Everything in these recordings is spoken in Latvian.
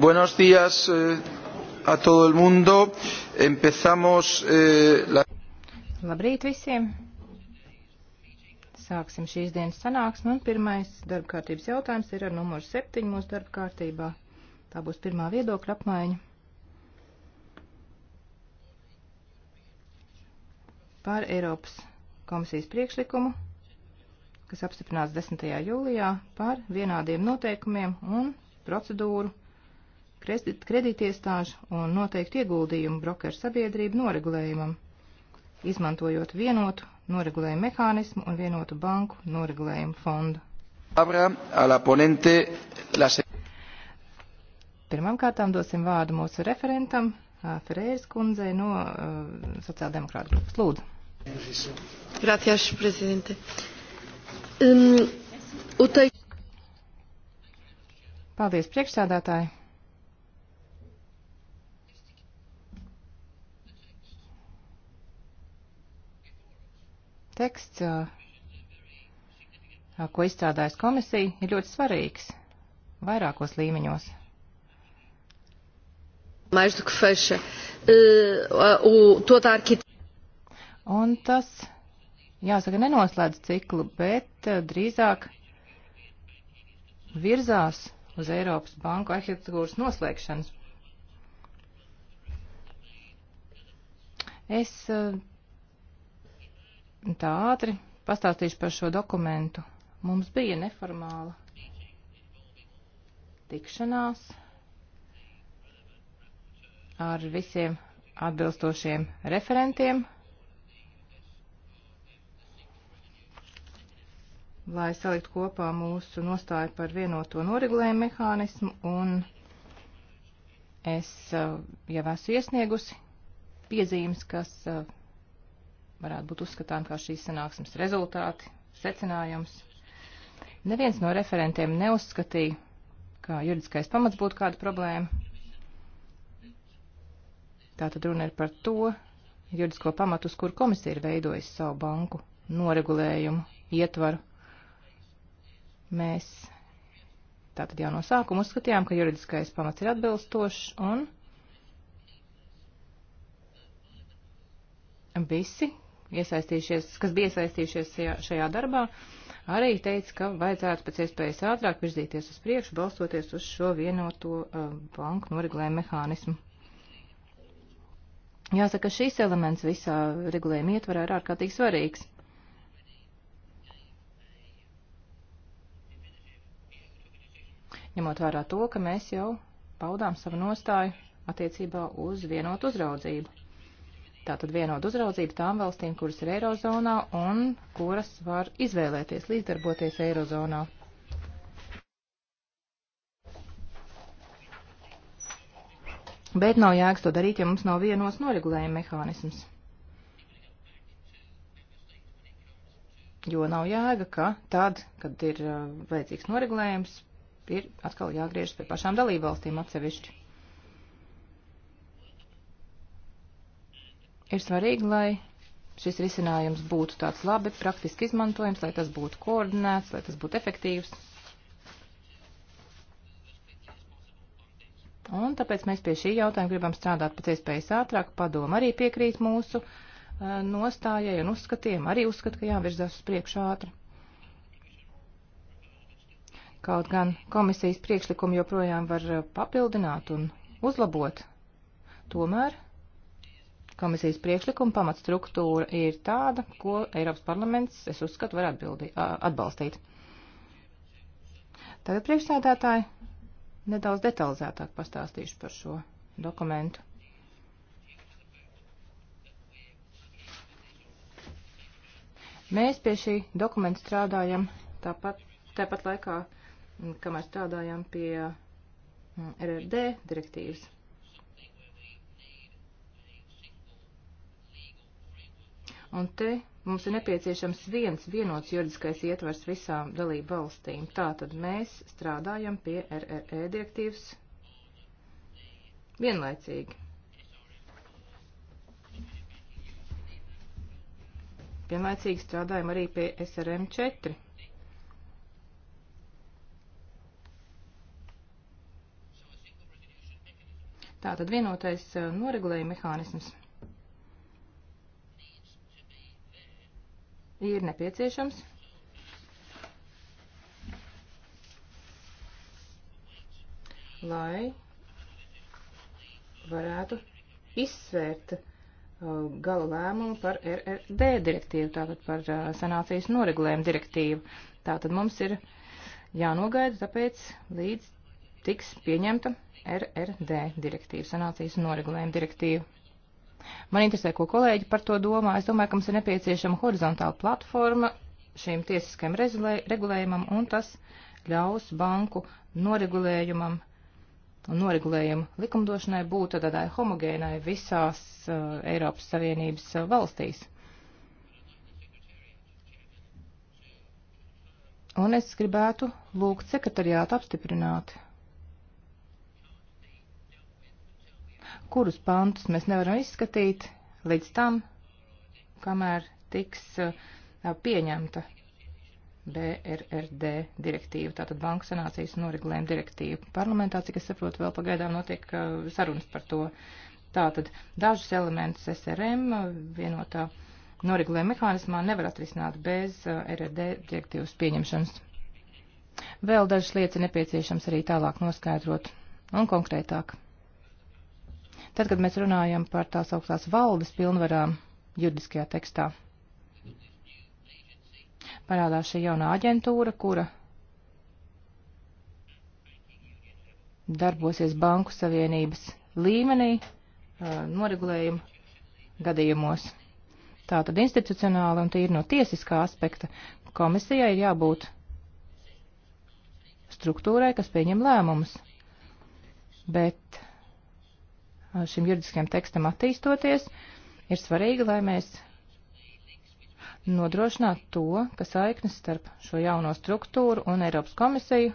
Buenos días eh, a todo el mundo. Empezamos eh, la. Labrīt visiem! Sāksim šīs dienas sanāksmi un pirmais darba kārtības jautājums ir ar numuru 7 mūsu darba kārtībā. Tā būs pirmā viedokļa apmaiņa. Par Eiropas komisijas priekšlikumu, kas apstiprināts 10. jūlijā par vienādiem noteikumiem un procedūru kredītiestāžu un noteiktu ieguldījumu brokeru sabiedrību noregulējumam, izmantojot vienotu noregulējumu mehānismu un vienotu banku noregulējumu fondu. Pirmkārtām dosim vārdu mūsu referentam, Ferēras kundzei no uh, sociāldemokrāta grupas. Lūdzu. Gracias, prezidente. Um, utai... Paldies, priekšsādātāji. teksts, ko izstrādājas komisija, ir ļoti svarīgs vairākos līmeņos. Mais do que fecha uh, o, toda a arquitetura. Un tas, jāsaka, nenoslēdz ciklu, bet uh, drīzāk virzās uz Eiropas banku arhitektūras noslēgšanas. Es uh, tā ātri pastāstīšu par šo dokumentu. Mums bija neformāla tikšanās ar visiem atbilstošiem referentiem, lai saliktu kopā mūsu nostāju par vienoto noregulējumu mehānismu, un es uh, jau esmu iesniegusi piezīmes, kas uh, varētu būt uzskatām kā šīs sanāksmes rezultāti, secinājums. Neviens no referentiem neuzskatīja, ka juridiskais pamats būtu kāda problēma. Tātad runa ir par to juridisko pamatu, uz kur komisija ir veidojusi savu banku noregulējumu, ietvaru. Mēs tātad jau no sākuma uzskatījām, ka juridiskais pamats ir atbilstošs un visi, iesaistījušies, kas bija iesaistījušies šajā, šajā darbā, arī teica, ka vajadzētu pēc iespējas ātrāk virzīties uz priekšu, balstoties uz šo vienoto uh, banku noregulējumu mehānismu. Jāsaka, šis elements visā regulējuma ietvarā ir ārkārtīgi svarīgs. Ņemot vērā to, ka mēs jau paudām savu nostāju attiecībā uz vienotu uzraudzību tātad vienodu uzraudzību tām valstīm, kuras ir Eirozonā un kuras var izvēlēties līdzdarboties Eirozonā. Bet nav jēgas to darīt, ja mums nav vienos noregulējuma mehānisms. Jo nav jēga, ka tad, kad ir uh, vajadzīgs noregulējums, ir atkal jāgriežas pie pašām dalībvalstīm atsevišķi. Ir svarīgi, lai šis risinājums būtu tāds labi, praktiski izmantojams, lai tas būtu koordinēts, lai tas būtu efektīvs. Un tāpēc mēs pie šī jautājuma gribam strādāt pēc iespējas ātrāk. Padoma arī piekrīt mūsu uh, nostājai un uzskatiem. Arī uzskat, ka jāvirzās uz priekšu ātri. Kaut gan komisijas priekšlikumu joprojām var papildināt un uzlabot. Tomēr Komisijas priekšlikuma pamatstruktūra ir tāda, ko Eiropas parlaments, es uzskatu, var atbildi, atbalstīt. Tagad priekšsēdētāji nedaudz detalizētāk pastāstīšu par šo dokumentu. Mēs pie šī dokumenta strādājam tāpat, tāpat laikā, kamēr strādājam pie RRD direktīvas. Un te mums ir nepieciešams viens vienots juridiskais ietvers visām dalību valstīm. Tātad mēs strādājam pie RRE e direktīvas vienlaicīgi. Vienlaicīgi strādājam arī pie SRM 4. Tātad vienotais eh, noregulēja mehānisms. ir nepieciešams. Lai varētu izsvērt uh, gala lēmumu par RRD direktīvu, tātad par uh, sanācijas noregulējumu direktīvu. Tātad mums ir jānogaida tāpēc līdz tiks pieņemta RRD direktīva, sanācijas noregulējuma direktīva. Man interesē, ko kolēģi par to domā. Es domāju, ka mums ir nepieciešama horizontāla platforma šīm tiesiskajam regulējumam, un tas ļaus banku noregulējumam un noregulējumu likumdošanai būt tādai homogēnai visās uh, Eiropas Savienības uh, valstīs. Un es gribētu lūgt sekretariātu apstiprināt kurus pantus mēs nevaram izskatīt līdz tam, kamēr tiks uh, pieņemta BRRD direktīva, tātad Banku sanācijas noregulējuma direktīva. Parlamentā, cik es saprotu, vēl pagaidām notiek uh, sarunas par to. Tātad dažus elementus SRM uh, vienotā noregulējuma mehānismā nevar atrisināt bez RRD direktīvas pieņemšanas. Vēl dažas lietas ir nepieciešams arī tālāk noskaidrot un konkrētāk tad, kad mēs runājam par tās augstās valdes pilnvarām juridiskajā tekstā. Parādās šī jaunā aģentūra, kura darbosies Banku Savienības līmenī noregulējumu gadījumos. Tātad institucionāli un tīri no tiesiskā aspekta komisijai ir jābūt struktūrai, kas pieņem lēmumus. Bet šim juridiskajam tekstam attīstoties, ir svarīgi, lai mēs nodrošinātu to, ka saiknes starp šo jauno struktūru un Eiropas komisiju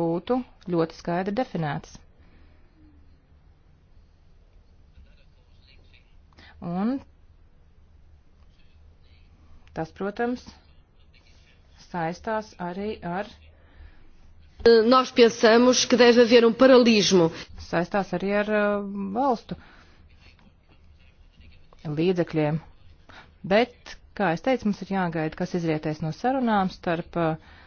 būtu ļoti skaidri definētas. Un tas, protams, saistās arī ar Nós pensamos que deve haver um paralismo. Saistās arī ar uh, valstu līdzekļiem. Bet, kā es teicu, mums ir jāgaida, kas izrietēs no sarunām starp uh,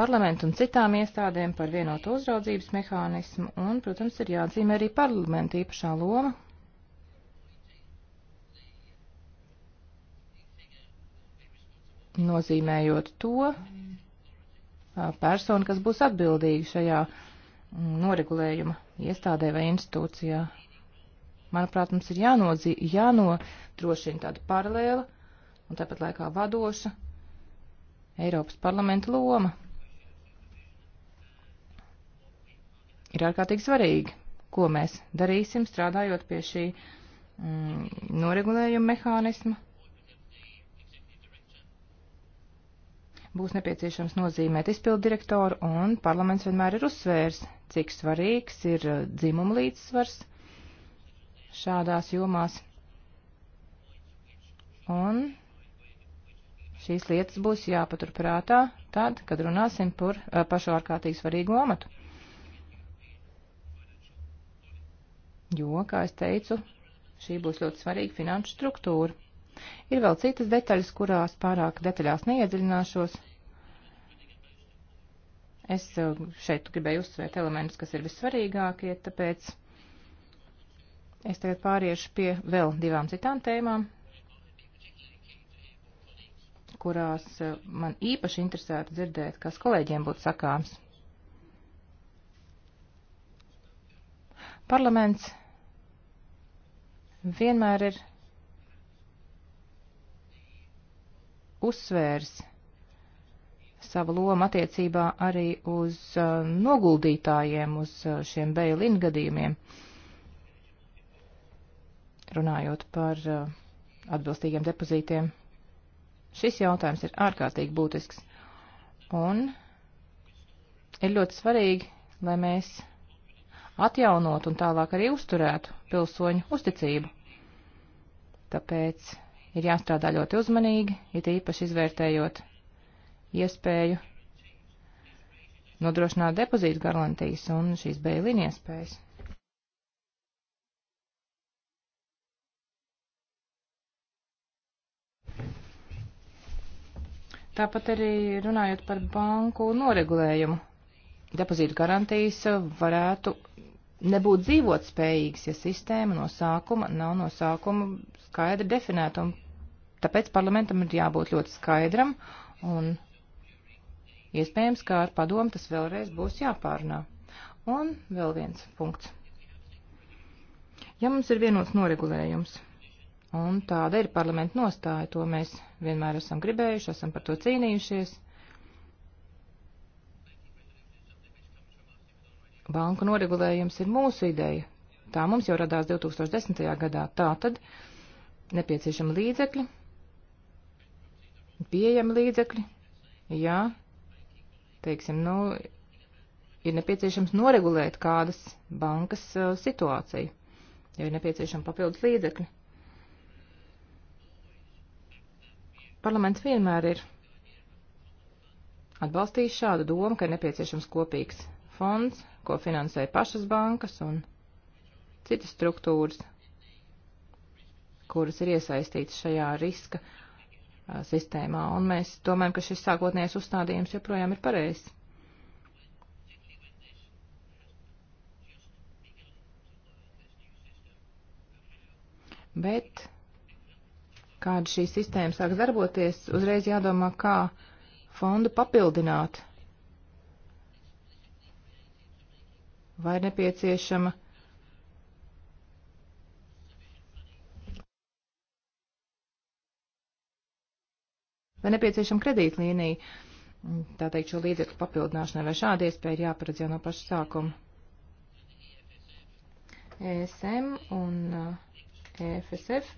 parlamentu un citām iestādēm par vienotu uzraudzības mehānismu, un, protams, ir jāatzīmē arī parlamenta īpašā loma nozīmējot to, persona, kas būs atbildīga šajā mm, noregulējuma iestādē vai institūcijā. Manuprāt, mums ir jānodzi, jānodrošina tāda paralēla un tāpat laikā vadoša Eiropas parlamenta loma. Ir ārkārtīgi svarīgi, ko mēs darīsim strādājot pie šī mm, noregulējuma mehānisma būs nepieciešams nozīmēt izpildu direktoru, un parlaments vienmēr ir uzsvērs, cik svarīgs ir uh, dzimuma līdzsvars šādās jomās. Un šīs lietas būs jāpaturprātā tad, kad runāsim par uh, pašu ārkārtīgi svarīgu amatu. Jo, kā es teicu, šī būs ļoti svarīga finanšu struktūra. Ir vēl citas detaļas, kurās pārāk detaļās neiedziļināšos, Es eh, šeit gribēju uzsvērt elementus, kas ir vissvarīgākie, tāpēc es tagad pāriešu pie vēl divām citām tēmām, kurās eh, man īpaši interesētu dzirdēt, kas kolēģiem būtu sakāms. Parlaments vienmēr ir uzsvērs savu lomu attiecībā arī uz uh, noguldītājiem, uz uh, šiem bail-in gadījumiem, runājot par uh, atbilstīgiem depozītiem. Šis jautājums ir ārkārtīgi būtisks un ir ļoti svarīgi, lai mēs atjaunot un tālāk arī uzturētu pilsoņu uzticību. Tāpēc ir jāstrādā ļoti uzmanīgi, it īpaši izvērtējot iespēju nodrošināt depozītu garantijas un šīs bēlīņa iespējas. Tāpat arī runājot par banku noregulējumu, depozītu garantijas varētu nebūt dzīvot spējīgas, ja sistēma no sākuma nav no sākuma skaidri definēta. Un tāpēc parlamentam ir jābūt ļoti skaidram un Iespējams, kā ar padomu tas vēlreiz būs jāpārunā. Un vēl viens punkts. Ja mums ir vienots noregulējums, un tāda ir parlamenta nostāja, to mēs vienmēr esam gribējuši, esam par to cīnījušies. Banku noregulējums ir mūsu ideja. Tā mums jau radās 2010. gadā. Tā tad nepieciešama līdzekļi, pieejami līdzekļi, jā, teiksim, nu, ir nepieciešams noregulēt kādas bankas uh, situāciju, jo ir nepieciešama papildus līdzekļi. Parlaments vienmēr ir atbalstījis šādu domu, ka ir nepieciešams kopīgs fonds, ko finansē pašas bankas un citas struktūras, kuras ir iesaistītas šajā riska uh, Uh, sistēmā, un mēs domājam, ka šis sākotnējais uzstādījums joprojām ir pareizs. Bet, kāda šī sistēma sāks darboties, uzreiz jādomā, kā fondu papildināt. Vai nepieciešama vai nepieciešama kredītlīnija, tā teikt, šo līdzekļu papildināšanai, vai šāda iespēja ir jāparedz jau no paša sākuma. ESM un uh, EFSF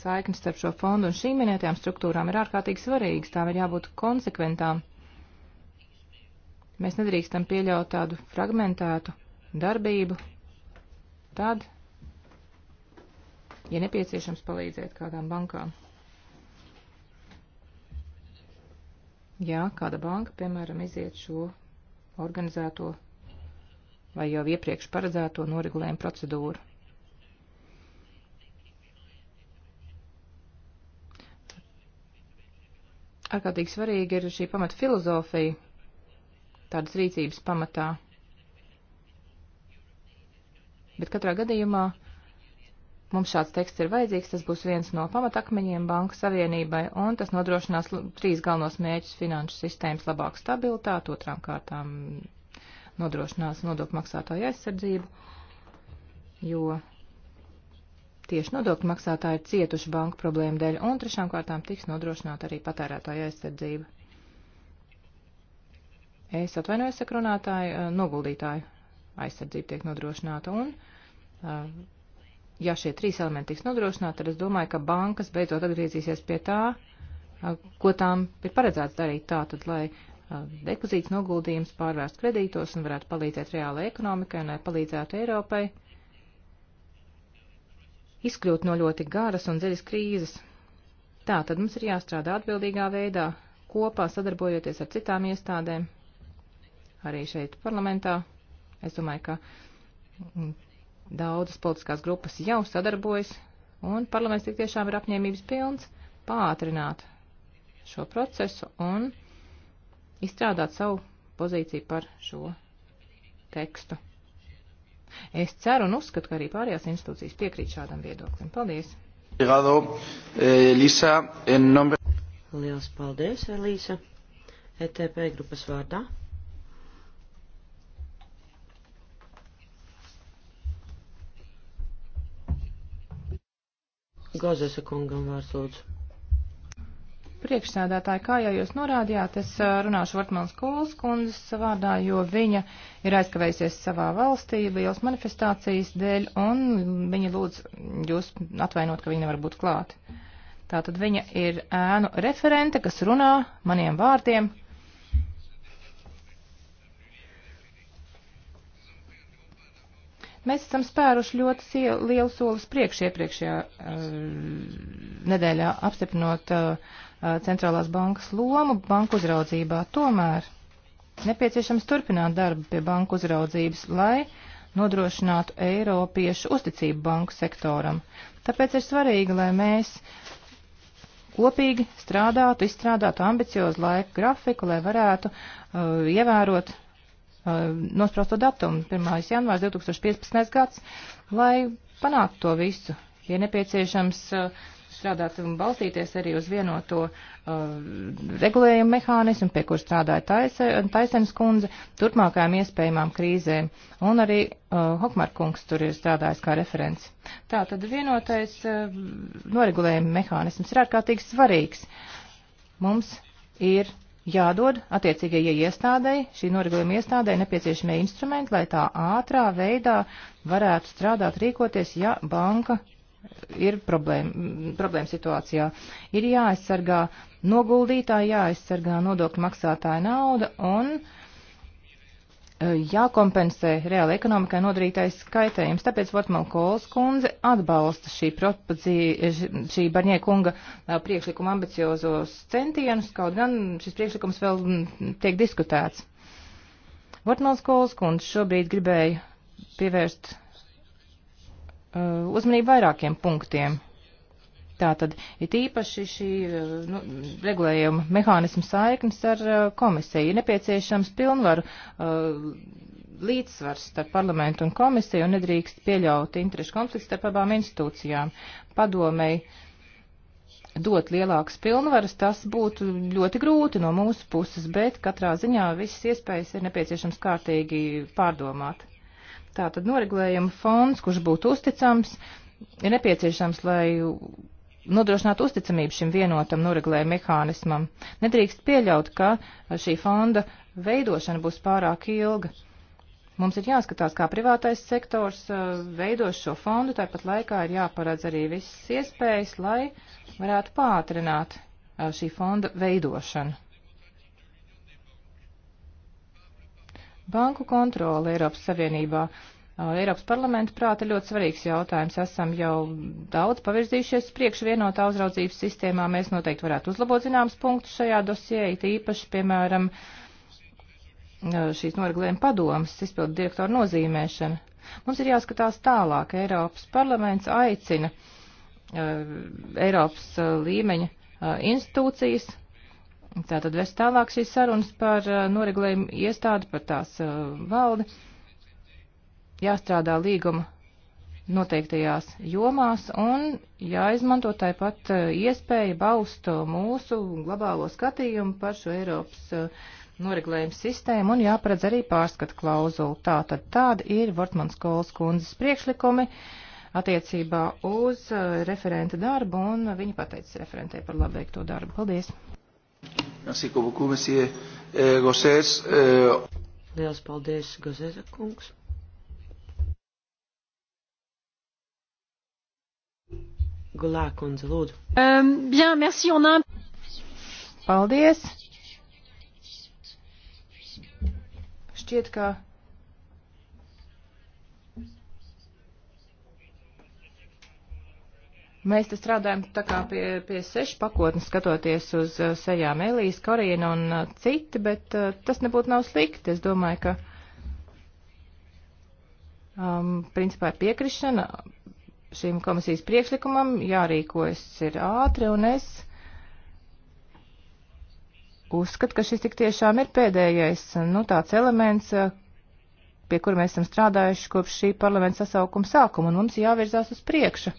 saiknes starp šo fondu un šīm minētajām struktūrām ir ārkārtīgi svarīgas, tām ir jābūt konsekventām. Mēs nedrīkstam pieļaut tādu fragmentētu darbību. Tad, ja nepieciešams palīdzēt kādām bankām. ja kāda banka, piemēram, iziet šo organizēto vai jau iepriekš paredzēto noregulējumu procedūru. Ārkārtīgi svarīgi ir šī pamata filozofija, tādas rīcības pamatā. Bet katrā gadījumā Mums šāds teksts ir vajadzīgs, tas būs viens no pamatakmeņiem Banku Savienībai, un tas nodrošinās trīs galvenos mēķus - finanšu sistēmas labāku stabilitāti, otrām kārtām nodrošinās nodokļu maksātāju aizsardzību, jo tieši nodokļu maksātāji ir cietuši banku problēmu dēļ, un trešām kārtām tiks nodrošināta arī patērētāja aizsardzība. Es atvainojos, saka runātāji, eh, noguldītāju aizsardzība tiek nodrošināta, un eh, ja šie trīs elementi tiks nodrošināti, tad es domāju, ka bankas beidzot atgriezīsies pie tā, ko tām ir paredzēts darīt tā, tad, lai depozīts noguldījums pārvērst kredītos un varētu palīdzēt reālai ekonomikai un lai palīdzētu Eiropai izkļūt no ļoti garas un dziļas krīzes. Tā tad mums ir jāstrādā atbildīgā veidā, kopā sadarbojoties ar citām iestādēm, arī šeit parlamentā. Es domāju, ka Daudzas politiskās grupas jau sadarbojas, un parlaments tik tiešām ir apņēmības pilns pātrināt šo procesu un izstrādāt savu pozīciju par šo tekstu. Es ceru un uzskatu, ka arī pārējās institūcijas piekrīt šādam viedoklim. Paldies! Eh, Liels paldies, Elīsa! ETP grupas vārdā. Gozesa kungam vārds lūdzu. Priekšsēdētāji, kā jau jūs norādījāt, es runāšu Vartmans Kols kundzes vārdā, jo viņa ir aizkavējusies savā valstī liels manifestācijas dēļ, un viņa lūdz jūs atvainot, ka viņa nevar būt klāt. Tātad viņa ir ēnu referente, kas runā maniem vārdiem, Mēs esam spēruši ļoti lielu solis priekš iepriekšējā uh, nedēļā apstiprinot uh, centrālās bankas lomu banku uzraudzībā. Tomēr nepieciešams turpināt darbu pie banku uzraudzības, lai nodrošinātu Eiropiešu uzticību banku sektoram. Tāpēc ir svarīgi, lai mēs kopīgi strādātu, izstrādātu ambiciozu laika grafiku, lai varētu uh, ievērot Uh, nospraustu datumu 1. janvārs 2015. gads, lai panāktu to visu. Ir ja nepieciešams uh, strādāt un balstīties arī uz vienoto uh, regulējumu mehānismu, pie kur strādāja Taisens taisen kundze, turpmākajām iespējamām krīzēm. Un arī uh, Hokmar kungs tur ir strādājis kā referents. Tā tad vienotais uh, noregulējuma mehānisms ir ārkārtīgi svarīgs. Mums ir jādod attiecīgajai iestādēji, šī noregulējuma iestādēji nepieciešamie instrumenti, lai tā ātrā veidā varētu strādāt, rīkoties, ja banka ir problēma, problēma situācijā. Ir jāaizsargā noguldītāji, jāaizsargā nodokļu maksātāja nauda un uh, jākompensē reāla ekonomikai nodarītais skaitējums. Tāpēc Vortmala Kols kundze atbalsta šī, šī Barņē kunga priekšlikuma ambiciozos centienus, kaut gan šis priekšlikums vēl tiek diskutēts. Vortmals Kols kundze šobrīd gribēja pievērst uh, uzmanību vairākiem punktiem. Tātad ir īpaši šī nu, regulējuma mehānismu saiknes ar uh, komisiju. Ir nepieciešams pilnvaru uh, līdzsvars starp parlamentu un komisiju un nedrīkst pieļaut interešu konfliktu starp abām institūcijām. Padomei dot lielākas pilnvaras, tas būtu ļoti grūti no mūsu puses, bet katrā ziņā visas iespējas ir nepieciešams kārtīgi pārdomāt. Tātad noregulējuma fonds, kurš būtu uzticams, ir nepieciešams, lai nodrošināt uzticamību šim vienotam noregulējuma mehānismam. Nedrīkst pieļaut, ka šī fonda veidošana būs pārāk ilga. Mums ir jāskatās, kā privātais sektors uh, veido šo fondu, tāpat laikā ir jāparedz arī visas iespējas, lai varētu pātrināt uh, šī fonda veidošanu. Banku kontrole Eiropas Savienībā Eiropas parlamenta prāta ļoti svarīgs jautājums. Esam jau daudz pavirzījušies priekš vienotā uzraudzības sistēmā. Mēs noteikti varētu uzlabot zināmas punktus šajā dosijā, it īpaši, piemēram, šīs noreglējuma padomas, izpildu direktoru nozīmēšana. Mums ir jāskatās tālāk. Eiropas parlaments aicina Eiropas līmeņa institūcijas Tātad vēl tālāk šīs sarunas par noregulējumu iestādi, par tās valdi. Uh, jāstrādā līguma noteiktajās jomās un jāizmanto tāpat uh, iespēja baust mūsu globālo skatījumu par šo Eiropas uh, noreglējumu sistēmu un jāparedz arī pārskata klauzulu. Tātad tāda ir Vortmans Kols kundzes priekšlikumi attiecībā uz uh, referenta darbu un viņa pateicis referentē par labveikto darbu. Paldies! Euh, euh. Liels paldies, Gazeta kungs! Gulā kundze, lūdzu. Um, bien, merci, on a... Paldies. Šķiet, ka. Mēs te strādājam tā kā pie, pie sešu pakotnes, skatoties uz uh, sejām Elijas, Korīna un uh, citi, bet uh, tas nebūtu nav slikti. Es domāju, ka um, principā ir piekrišana, šim komisijas priekšlikumam jārīkojas ir ātri, un es uzskatu, ka šis tik tiešām ir pēdējais, nu, tāds elements, pie kura mēs esam strādājuši kopš šī parlamenta sasaukuma sākuma, un mums jāvirzās uz priekšu.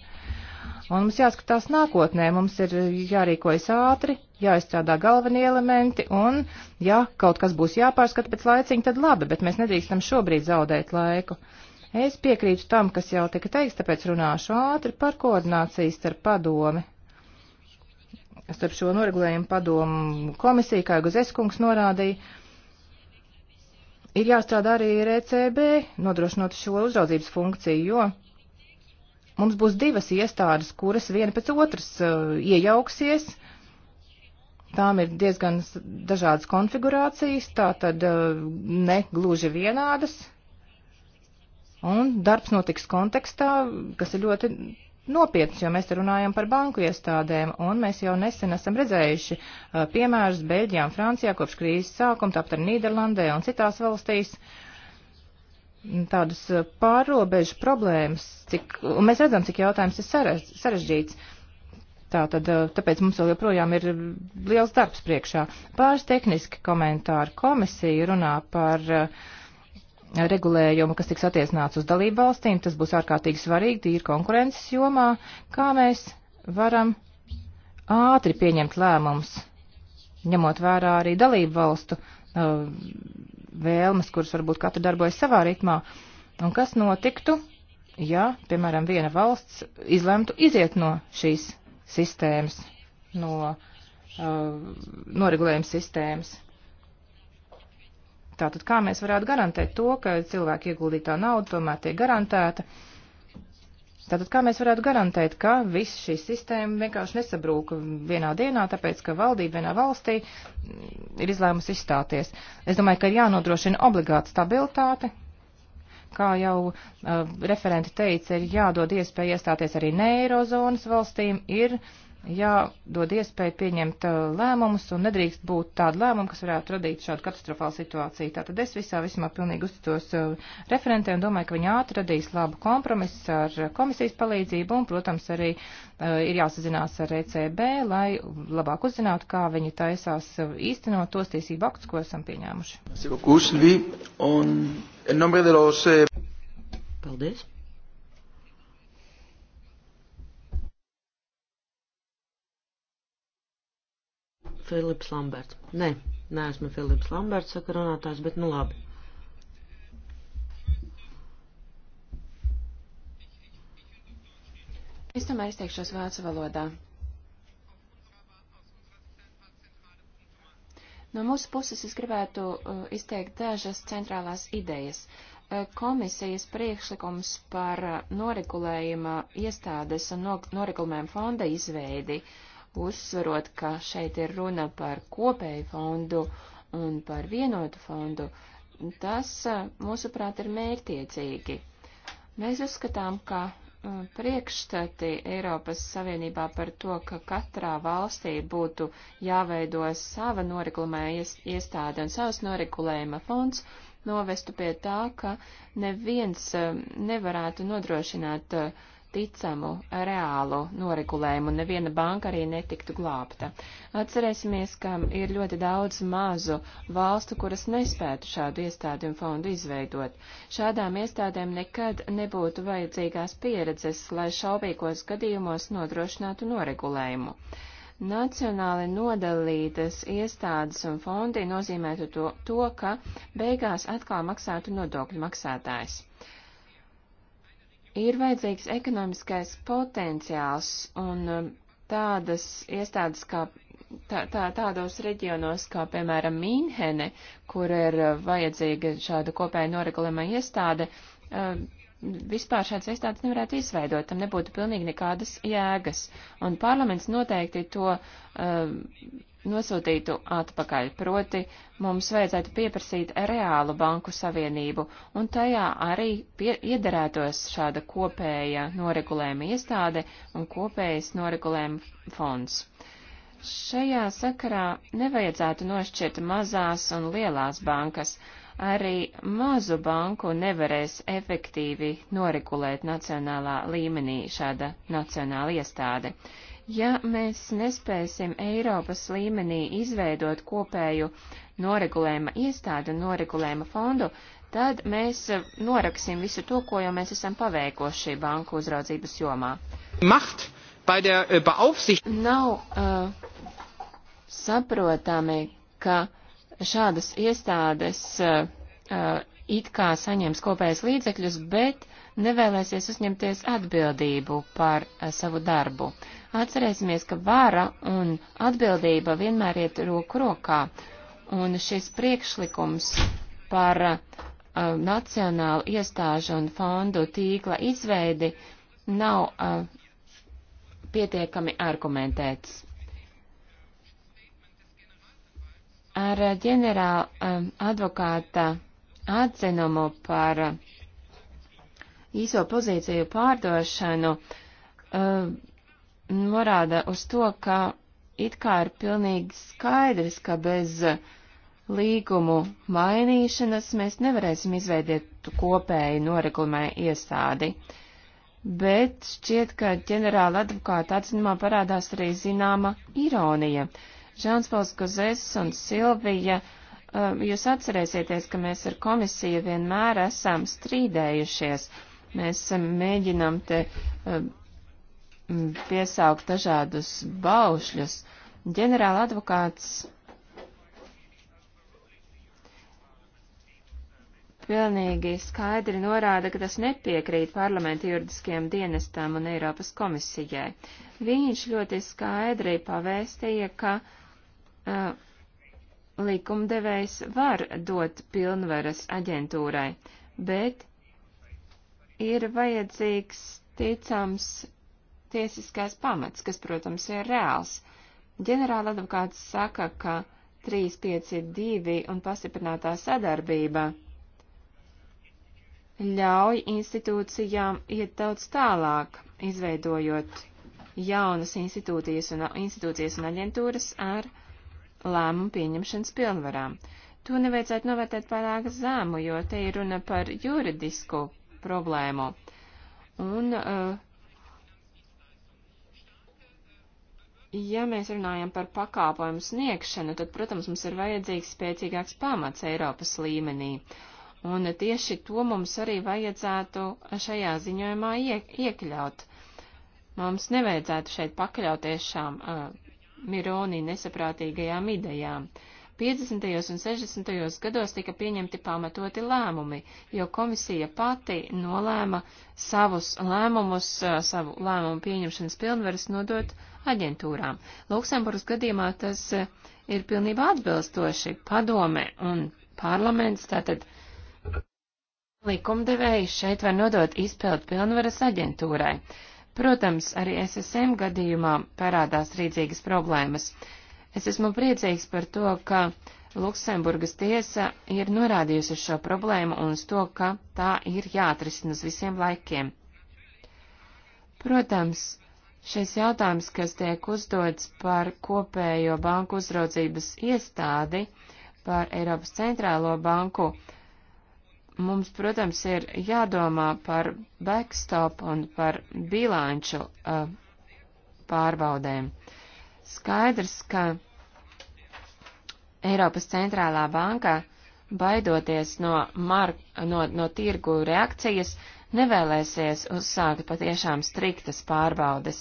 Un mums jāskatās nākotnē, mums ir jārīkojas ātri, jāizstrādā galvenie elementi, un, ja kaut kas būs jāpārskata pēc laiciņa, tad labi, bet mēs nedrīkstam šobrīd zaudēt laiku. Uh, Es piekrītu tam, kas jau tika teiks, tāpēc runāšu ātri par koordinācijas starp padomi. Starp šo noregulējumu padomu komisiju, kā jau Zeskungs norādīja, ir jāstrādā arī ar ECB, nodrošinot šo uzraudzības funkciju, jo mums būs divas iestādes, kuras viena pēc otras uh, iejauksies. Tām ir diezgan dažādas konfigurācijas, tā tad uh, ne gluži vienādas, Un darbs notiks kontekstā, kas ir ļoti nopietns, jo mēs runājam par banku iestādēm, un mēs jau nesen esam redzējuši uh, piemērus Beļģijā un Francijā kopš krīzes sākuma, tāpat arī Nīderlandē un citās valstīs tādas uh, pārobežu problēmas, cik, un mēs redzam, cik jautājums ir sarež, sarežģīts. Tātad, uh, tāpēc mums vēl joprojām ir liels darbs priekšā. Pāris tehniski komentāri komisija runā par uh, regulējumu, kas tiks attiecināts uz dalību valstīm. Tas būs ārkārtīgi svarīgi tīri konkurences jomā, kā mēs varam ātri pieņemt lēmumus, ņemot vērā arī dalību valstu uh, vēlmes, kuras varbūt katra darbojas savā ritmā. Un kas notiktu, ja, piemēram, viena valsts izlemtu iziet no šīs sistēmas, no uh, noregulējuma sistēmas? Tātad kā mēs varētu garantēt to, ka cilvēku ieguldītā nauda tomēr tiek garantēta? Tātad kā mēs varētu garantēt, ka viss šī sistēma vienkārši nesabrūk vienā dienā, tāpēc, ka valdība vienā valstī mm, ir izlēmusi izstāties? Es domāju, ka ir jānodrošina obligāta stabilitāte, kā jau uh, referenti teica, ir jādod iespēja iestāties arī neirozonas valstīm, ir jādod iespēju pieņemt uh, lēmumus un nedrīkst būt tāda lēmuma, kas varētu radīt šādu katastrofālu situāciju. Tātad es visā vismā pilnīgi uzticos uh, referentiem un domāju, ka viņi ātri radīs labu kompromisu ar komisijas palīdzību un, protams, arī uh, ir jāsazinās ar ECB, lai labāk uzzinātu, kā viņi taisās īstenot tos tiesību aktus, ko esam pieņēmuši. Eh, Paldies! Filips Lamberts. Nē, neesmu Filips Lamberts, saka runātājs, bet nu labi. Es tomēr izteikšos vācu valodā. No mūsu puses es gribētu uh, izteikt dažas centrālās idejas. Uh, komisijas priekšlikums par uh, noregulējuma iestādes un no, noregulējuma fonda izveidi uh, uzsvarot, ka šeit ir runa par kopēju fondu un par vienotu fondu, tas, eh, mūsuprāt, ir mērtiecīgi. Mēs uzskatām, ka eh, priekšstati Eiropas Savienībā par to, ka katrā valstī būtu jāveido sava noregulējuma iestāde un savs noregulējuma fonds, novestu pie tā, ka neviens eh, nevarētu nodrošināt uh, ticamu, reālu noregulējumu, un neviena banka arī netiktu glābta. Atcerēsimies, ka ir ļoti daudz mazu valstu, kuras nespētu šādu iestādi un fondu izveidot. Šādām iestādēm nekad nebūtu vajadzīgās pieredzes, lai šaubīgos gadījumos nodrošinātu noregulējumu. Nacionāli nodalītas iestādes un fondi nozīmētu to, to ka beigās atkal maksātu nodokļu maksātājs. Ir vajadzīgs ekonomiskais potenciāls un um, tādas iestādes kā tā, tā, tādos reģionos kā, piemēram, Mīnhene, kur ir uh, vajadzīga šāda kopēja noregulējuma iestāde, um, vispār šāds iestādes nevarētu izveidot, tam nebūtu pilnīgi nekādas jēgas. Un parlaments noteikti to uh, nosūtītu atpakaļ. Proti, mums vajadzētu pieprasīt reālu banku savienību, un tajā arī pie, iederētos šāda kopēja noregulējuma iestāde un kopējas noregulējuma fonds. Šajā sakarā nevajadzētu nošķirt mazās un lielās bankas. Arī mazu banku nevarēs efektīvi noregulēt nacionālā līmenī šāda nacionāla iestāde. Uh, Ja mēs nespēsim Eiropas līmenī izveidot kopēju noregulējuma iestādi un noregulējuma fondu, tad mēs noraksim visu to, ko jau mēs esam paveikoši banku uzraudzības jomā. Macht bei der uh, Beaufsicht. Nav uh, saprotami, ka šādas iestādes uh, uh, it kā saņems kopējas līdzekļus, bet nevēlēsies uzņemties atbildību par uh, savu darbu. Atcerēsimies, ka vara un atbildība vienmēr iet roku rokā, un šis priekšlikums par uh, nacionālu iestāžu un fondu tīkla izveidi nav uh, pietiekami argumentēts. Ar ģenerāla uh, advokāta atzinumu par uh, īso pozīciju pārdošanu uh, norāda uz to, ka it kā ir pilnīgi skaidrs, ka bez līgumu mainīšanas mēs nevarēsim izveidot kopēju noregulmē iestādi. Bet šķiet, ka ģenerāla advokāta atzinumā parādās arī zināma ironija. Žāns Pauls Gozes un Silvija, um, jūs atcerēsieties, ka mēs ar komisiju vienmēr esam strīdējušies. Mēs um, mēģinām te um, piesaukt dažādus baušļus. Ģenerāla advokāts pilnīgi skaidri norāda, ka tas nepiekrīt parlamenta juridiskiem dienestam un Eiropas komisijai. Viņš ļoti skaidri pavēstīja, ka uh, likumdevējs var dot pilnvaras aģentūrai, bet ir vajadzīgs ticams tiesiskais pamats, kas, protams, ir reāls. Ģenerāla advokāts saka, ka 352 un pastiprinātā sadarbība ļauj institūcijām iet daudz tālāk, izveidojot jaunas institūcijas un, institūcijas un aģentūras ar lēmumu pieņemšanas pilnvarām. To nevajadzētu novērtēt pārāk zēmu, jo te ir runa par juridisku problēmu. Un uh, Ja mēs runājam par pakāpojumu sniegšanu, tad, protams, mums ir vajadzīgs spēcīgāks pamats Eiropas līmenī. Un tieši to mums arī vajadzētu šajā ziņojumā iek iekļaut. Mums nevajadzētu šeit pakļauties šām uh, Mironī nesaprātīgajām idejām. 50. un 60. gados tika pieņemti pamatoti lēmumi, jo komisija pati nolēma savus lēmumus, uh, savu lēmumu pieņemšanas pilnvaras nodot uh, aģentūrām. Luksemburgas gadījumā tas eh, ir pilnībā atbilstoši padome un parlaments, tātad likumdevēji šeit var nodot izpildu pilnvaras aģentūrai. Protams, arī SSM gadījumā parādās rīdzīgas problēmas. Es esmu priecīgs par to, ka Luksemburgas tiesa ir norādījusi šo problēmu un uz to, ka tā ir jāatrisina uz visiem laikiem. Protams, Šis jautājums, kas tiek uzdots par kopējo banku uzraudzības iestādi, par Eiropas centrālo banku, mums, protams, ir jādomā par backstop un par bilanču uh, pārbaudēm. Skaidrs, ka Eiropas centrālā banka, baidoties no, mar, no, no tirgu reakcijas, uh, nevēlēsies uzsākt patiešām striktas pārbaudes.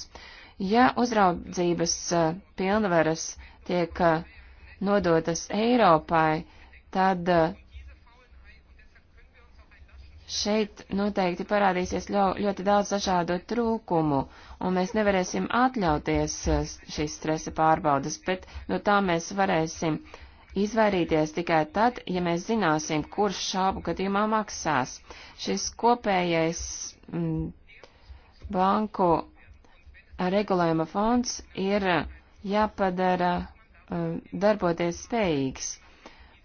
Ja uzraudzības eh, pilnvaras tiek eh, nodotas Eiropai, tad eh, šeit noteikti parādīsies ļo, ļoti daudz dažādu trūkumu, un mēs nevarēsim atļauties šīs stresa pārbaudas, bet no tā mēs varēsim izvairīties tikai tad, ja mēs zināsim, kurš šābu gadījumā maksās. Šis kopējais m, mm, banku regulējuma fonds ir jāpadara m, mm, darboties spējīgs.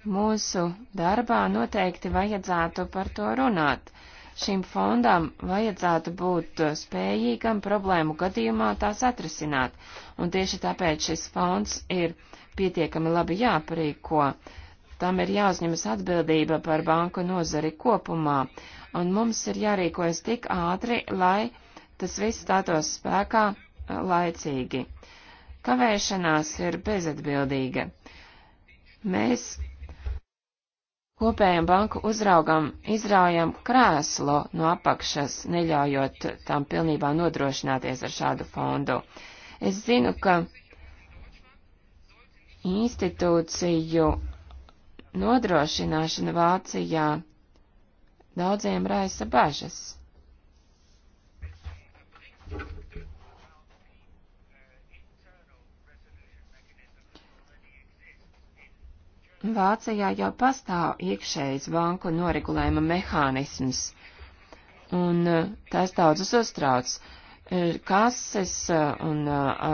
Mūsu darbā noteikti vajadzētu par to runāt. Šim fondam vajadzētu būt spējīgam problēmu gadījumā tās atrisināt, un tieši tāpēc šis fonds ir uh, pietiekami labi jāparīko. Tam ir jāuzņemas atbildība par banku nozari kopumā, un mums ir jārīkojas tik ātri, lai tas viss stātos spēkā eh, laicīgi. Kavēšanās ir bezatbildīga. Mēs kopējam banku uzraugam izraujam krēslo no apakšas, neļaujot tam pilnībā nodrošināties ar šādu fondu. Es zinu, ka institūciju nodrošināšana Vācijā daudziem raisa bažas. Vācijā jau pastāv iekšējs banku noregulējuma mehānisms, un tas daudzus uztrauc. Uh, E, kases e, un e,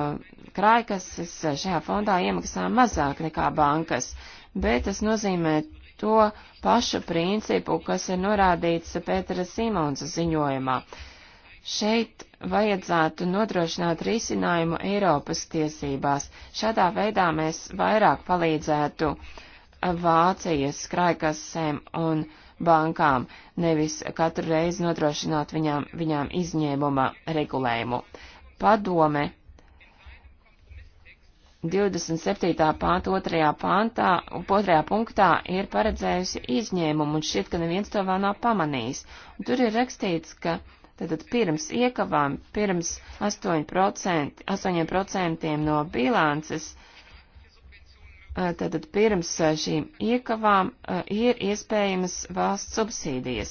krājkases šajā fondā iemaksā mazāk nekā bankas, bet tas nozīmē to pašu principu, kas ir norādīts Pētera Simonsa ziņojumā. Šeit vajadzētu nodrošināt risinājumu Eiropas tiesībās. Šādā veidā mēs vairāk palīdzētu Vācijas krājkasēm un uh, bankām, nevis katru reizi nodrošināt viņām, viņām izņēmuma regulējumu. Padome 27. pānta 2. pāntā, 2. punktā ir paredzējusi izņēmumu, un šķiet, ka neviens to vēl nav pamanījis. Un tur ir rakstīts, ka Tātad pirms iekavām, pirms 8%, 8 no bilances uh, Eh, tātad pirms eh, šīm iekavām eh, ir iespējamas valsts subsīdijas.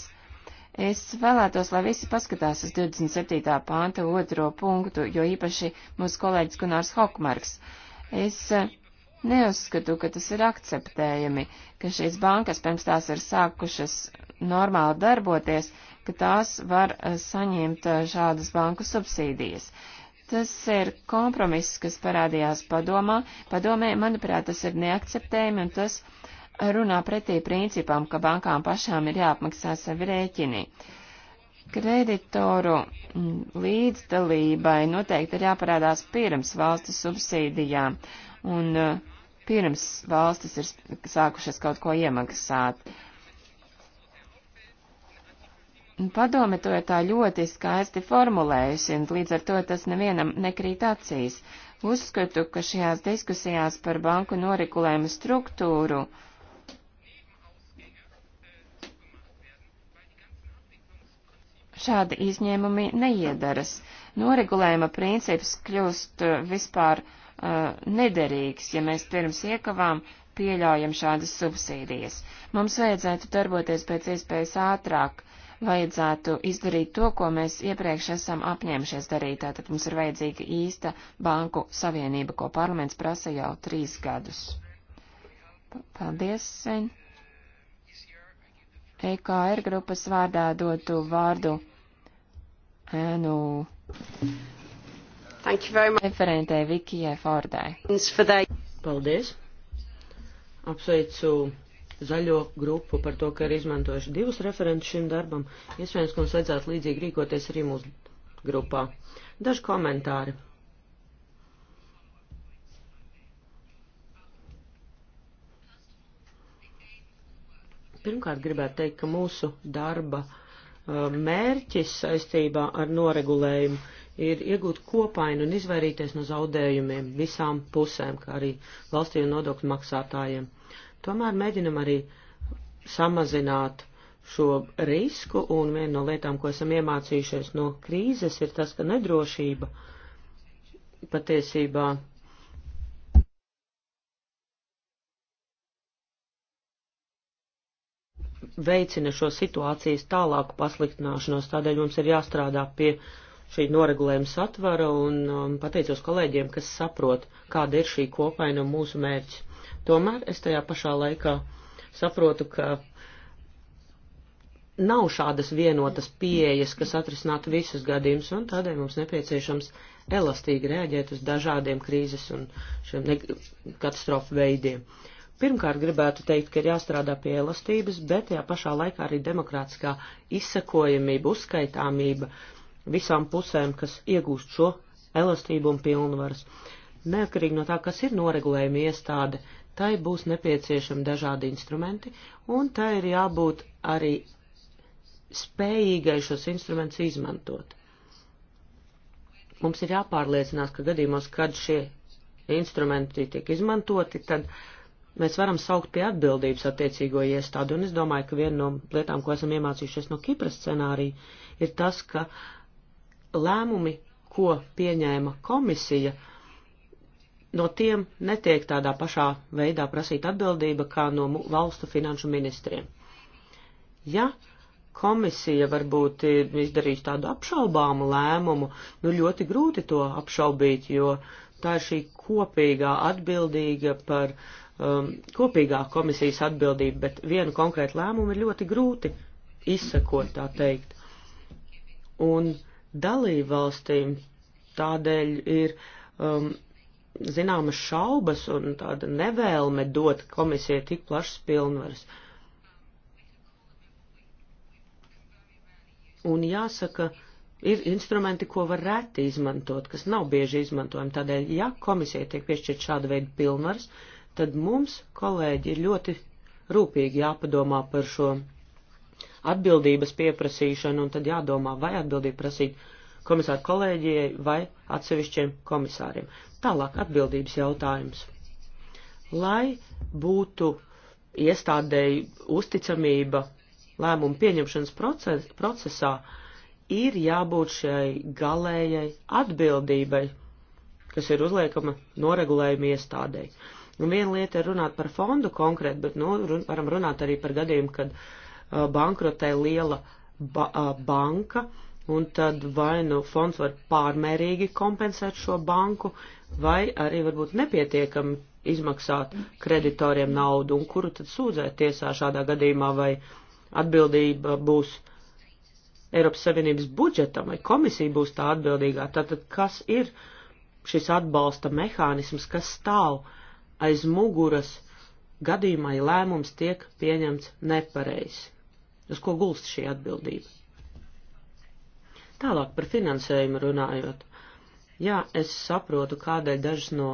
Es vēlētos, lai visi paskatās uz 27. pānta otro punktu, jo īpaši mūsu kolēģis Gunārs Hokmarks. Es neuzskatu, ka tas ir akceptējami, ka šīs bankas pirms tās ir sākušas normāli darboties, ka tās var saņemt šādas banku subsīdijas. Uh, Tas ir kompromiss, kas parādījās padomā. Padomē, manuprāt, tas ir neakceptējami un tas runā pretī principam, ka bankām pašām ir jāapmaksā savi rēķini. Kreditoru mm, līdzdalībai noteikti ir jāparādās pirms valsts subsīdijām un eh, pirms valstis ir sākušas kaut ko iemaksāt. Uh, Padome to ir tā ļoti skaisti formulējusi, un līdz ar to tas nevienam nekrīt acīs. Uzskatu, ka šajās diskusijās par banku norikulējumu struktūru šādi izņēmumi neiedaras. Noregulējuma princips kļūst uh, vispār uh, nederīgs, ja mēs pirms iekavām pieļaujam šādas subsīdijas. Mums vajadzētu darboties pēc iespējas ātrāk. Uh, vajadzētu izdarīt to, ko mēs iepriekš esam apņēmušies darīt. Tātad mums ir vajadzīga īsta banku savienība, ko parlaments prasa jau trīs gadus. Paldies, Sen. EKR grupas vārdā dotu vārdu ēnu referentē Vikijai Fordai. Paldies. Apsveicu zaļo grupu par to, ka ir izmantojuši divus referentus šim darbam. Iespējams, ka mums vajadzētu līdzīgi rīkoties arī mūsu grupā. Daži komentāri. Pirmkārt, gribētu teikt, ka mūsu darba uh, mērķis saistībā ar noregulējumu ir iegūt kopainu un izvairīties no zaudējumiem visām pusēm, kā arī valstī un nodokļu maksātājiem tomēr mēģinam arī samazināt šo risku, un viena no lietām, ko esam iemācījušies no krīzes, ir tas, ka nedrošība patiesībā veicina šo situācijas tālāku pasliktināšanos, tādēļ mums ir jāstrādā pie šī noregulējuma satvara, un um, pateicos kolēģiem, kas saprot, kāda ir šī kopaina mūsu mērķis. Tomēr es tajā pašā laikā saprotu, ka nav šādas vienotas pieejas, kas atrisinātu visus gadījumus, un tādēļ mums nepieciešams elastīgi rēģēt uz dažādiem krīzes un šiem katastrofu veidiem. Pirmkārt, gribētu teikt, ka ir jāstrādā pie elastības, bet tajā pašā laikā arī demokrātiskā izsekojamība, uzskaitāmība visām pusēm, kas iegūst šo elastību un pilnvaras. Neatkarīgi no tā, kas ir noregulējuma iestāde, tai būs nepieciešami dažādi instrumenti, un tai ir jābūt arī spējīgai šos instrumentus izmantot. Mums ir jāpārliecinās, ka gadījumos, kad šie instrumenti tiek izmantoti, tad mēs varam saukt pie atbildības attiecīgo iestādi, un es domāju, ka viena no lietām, ko esam iemācījušies no Kipras scenārija, ir tas, ka lēmumi, ko pieņēma komisija, uh, no tiem netiek tādā pašā veidā prasīta atbildība kā no valstu finanšu ministriem. Ja komisija varbūt ir izdarījusi tādu apšaubāmu lēmumu, nu ļoti grūti to apšaubīt, jo tā ir šī kopīgā atbildīga par um, kopīgā komisijas atbildība, bet vienu konkrētu lēmumu ir ļoti grūti izsekot, tā teikt. Un dalību valstīm tādēļ ir um, zināmas šaubas un tāda nevēlme dot komisijai tik plašas pilnvaras. Un jāsaka, ir instrumenti, ko var reti izmantot, kas nav bieži izmantojami. Tādēļ, ja komisija tiek piešķirt šāda veida pilnvaras, tad mums, kolēģi, ir ļoti rūpīgi jāpadomā par šo atbildības pieprasīšanu, un tad jādomā, vai atbildību prasīt komisāru kolēģijai vai atsevišķiem komisāriem. Tālāk atbildības jautājums. Lai būtu iestādēji uzticamība lēmumu pieņemšanas proces, procesā, ir jābūt šai galējai atbildībai, kas ir uzliekama noregulējuma iestādēji. Un viena lieta ir runāt par fondu konkrēti, bet nu, run, varam runāt arī par gadījumu, kad uh, bankrotē liela ba uh, banka, un tad vai nu fonds var pārmērīgi kompensēt šo banku, vai arī varbūt nepietiekami izmaksāt kreditoriem naudu, un kuru tad sūdzēt tiesā šādā gadījumā, vai atbildība būs Eiropas Savienības budžetam, vai komisija būs tā atbildīgā. Tātad, kas ir šis atbalsta mehānisms, kas stāv aiz muguras gadījumā, ja lēmums tiek pieņemts nepareizi? Uz ko gulst šī atbildība? Tālāk par finansējumu runājot. Jā, es saprotu, kādēļ dažas no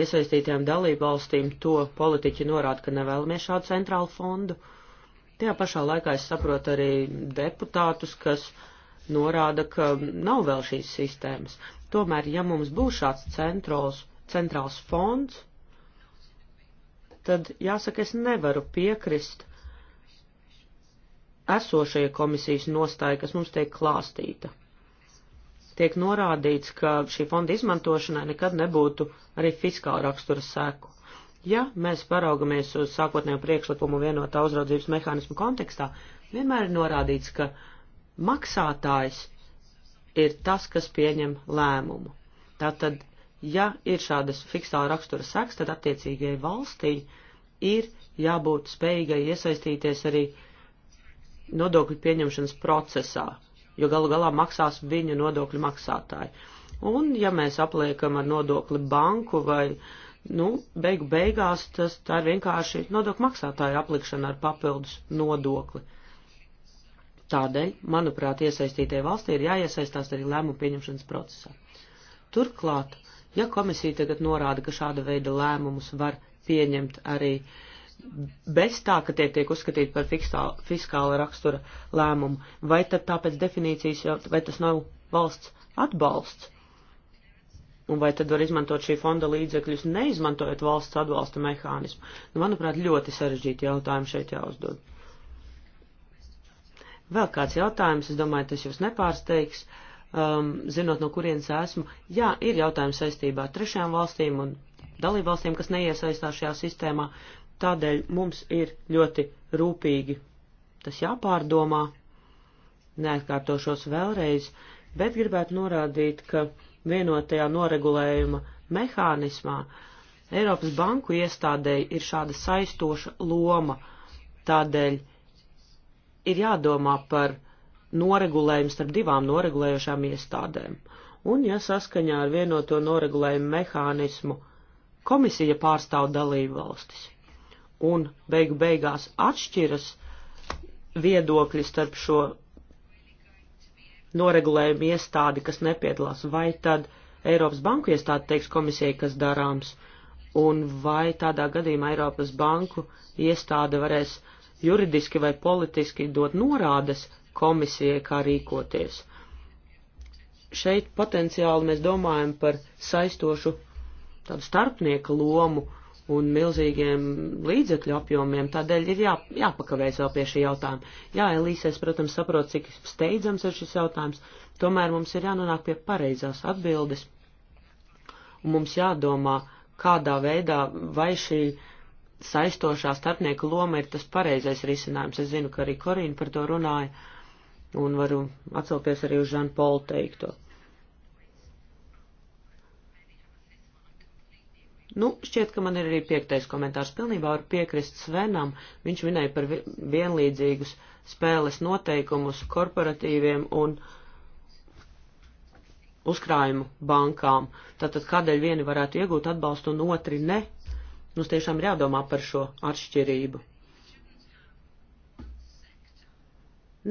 iesaistītajām dalībvalstīm to politiķi norāda, ka nevēlamies šādu centrālu fondu. Tajā pašā laikā es saprotu arī deputātus, kas norāda, ka nav vēl šīs sistēmas. Tomēr, ja mums būs šāds centros, centrāls fonds, tad jāsaka, es nevaru piekrist esošajai komisijas nostāja, kas mums tiek klāstīta tiek norādīts, ka šī fonda izmantošanai nekad nebūtu arī fiskāla rakstura seku. Ja mēs paraugamies uz sākotnējo priekšlikumu vienotā uzraudzības mehānismu kontekstā, vienmēr ir norādīts, ka maksātājs ir tas, kas pieņem lēmumu. Tātad, ja ir šādas fiksāla rakstura seks, tad attiecīgajai valstī ir jābūt spējīgai iesaistīties arī nodokļu pieņemšanas procesā, jo galu galā maksās viņa nodokļu maksātāji. Un, ja mēs apliekam ar nodokli banku vai, nu, beigu beigās, tas tā ir vienkārši nodokļu maksātāju aplikšana ar papildus nodokli. Tādēļ, manuprāt, iesaistītie valstī ir jāiesaistās arī lēmumu pieņemšanas procesā. Turklāt, ja komisija tagad norāda, ka šāda veida lēmumus var pieņemt arī uh, bez tā, ka tie tiek uzskatīti par fiskāla, fiskāla rakstura lēmumu, vai tad tāpēc definīcijas jau, vai tas nav valsts atbalsts? Un vai tad var izmantot šī fonda līdzekļus, neizmantojot valsts atbalsta mehānismu? Nu, manuprāt, ļoti sarežģīti jautājumi šeit jāuzdod. Vēl kāds jautājums, es domāju, tas jūs nepārsteigs, um, zinot, no kurienes esmu. Jā, ir jautājums saistībā ar trešajām valstīm un dalībvalstīm, kas neiesaistās šajā sistēmā, Tādēļ mums ir ļoti rūpīgi tas jāpārdomā, neatkārtošos vēlreiz, bet gribētu norādīt, ka vienotajā noregulējuma mehānismā Eiropas banku iestādēji ir šāda saistoša loma, tādēļ ir jādomā par noregulējumu starp divām noregulējušām iestādēm. Un, ja saskaņā ar vienoto noregulējumu mehānismu komisija pārstāv dalību valstis, un beigu beigās atšķiras viedokļi starp šo noregulējumu iestādi, kas nepiedalās, vai tad Eiropas banku iestāde teiks komisijai, kas darāms, un vai tādā gadījumā Eiropas banku iestāde varēs juridiski vai politiski dot norādes komisijai, kā rīkoties. Šeit potenciāli mēs domājam par saistošu tādu starpnieku lomu, un milzīgiem līdzekļu apjomiem, tādēļ ir jā, jāpakavēs vēl pie šī jautājuma. Jā, Elīsēs, protams, saprot, cik steidzams ir šis jautājums, tomēr mums ir jānonāk pie pareizās atbildes, un mums jādomā, kādā veidā vai šī saistošā starpnieka loma ir tas pareizais risinājums. Es zinu, ka arī Korīna par to runāja, un varu atsaukties arī uz Žanu Polu teikto. Nu, šķiet, ka man ir arī piektais komentārs. Pilnībā var piekrist Svenam. Viņš minēja par vienlīdzīgus spēles noteikumus korporatīviem un uzkrājumu bankām. Tātad kādēļ vieni varētu iegūt atbalstu un otri ne? Mums tiešām ir jādomā par šo atšķirību.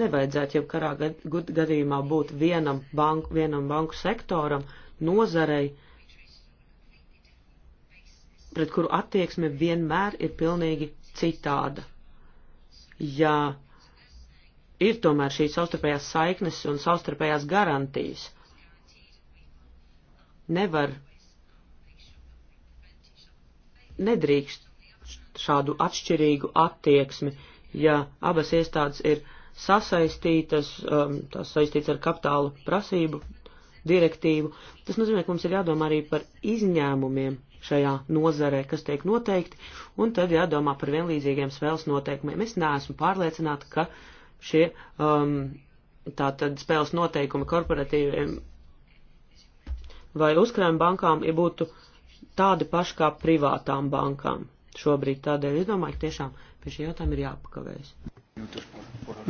Nevajadzētu jau karā gadījumā būt vienam banku, vienam banku sektoram, nozarei, uh, pret kuru attieksme vienmēr ir pilnīgi citāda. Ja ir tomēr šīs savstarpējās saiknes un savstarpējās garantijas, nevar, nedrīkst šādu atšķirīgu attieksmi, ja abas iestādes ir sasaistītas, um, tās saistītas ar kapitālu prasību direktīvu. Tas nozīmē, ka mums ir jādomā arī par izņēmumiem šajā nozarē, kas tiek noteikti, un tad jādomā par vienlīdzīgiem spēles noteikumiem. Es neesmu pārliecināta, ka šie um, tātad spēles noteikumi korporatīviem vai uzkrājuma bankām ja būtu tādi paši kā privātām bankām šobrīd. Tādēļ es domāju, ka tiešām pie šī jautājuma ir jāpakavējas.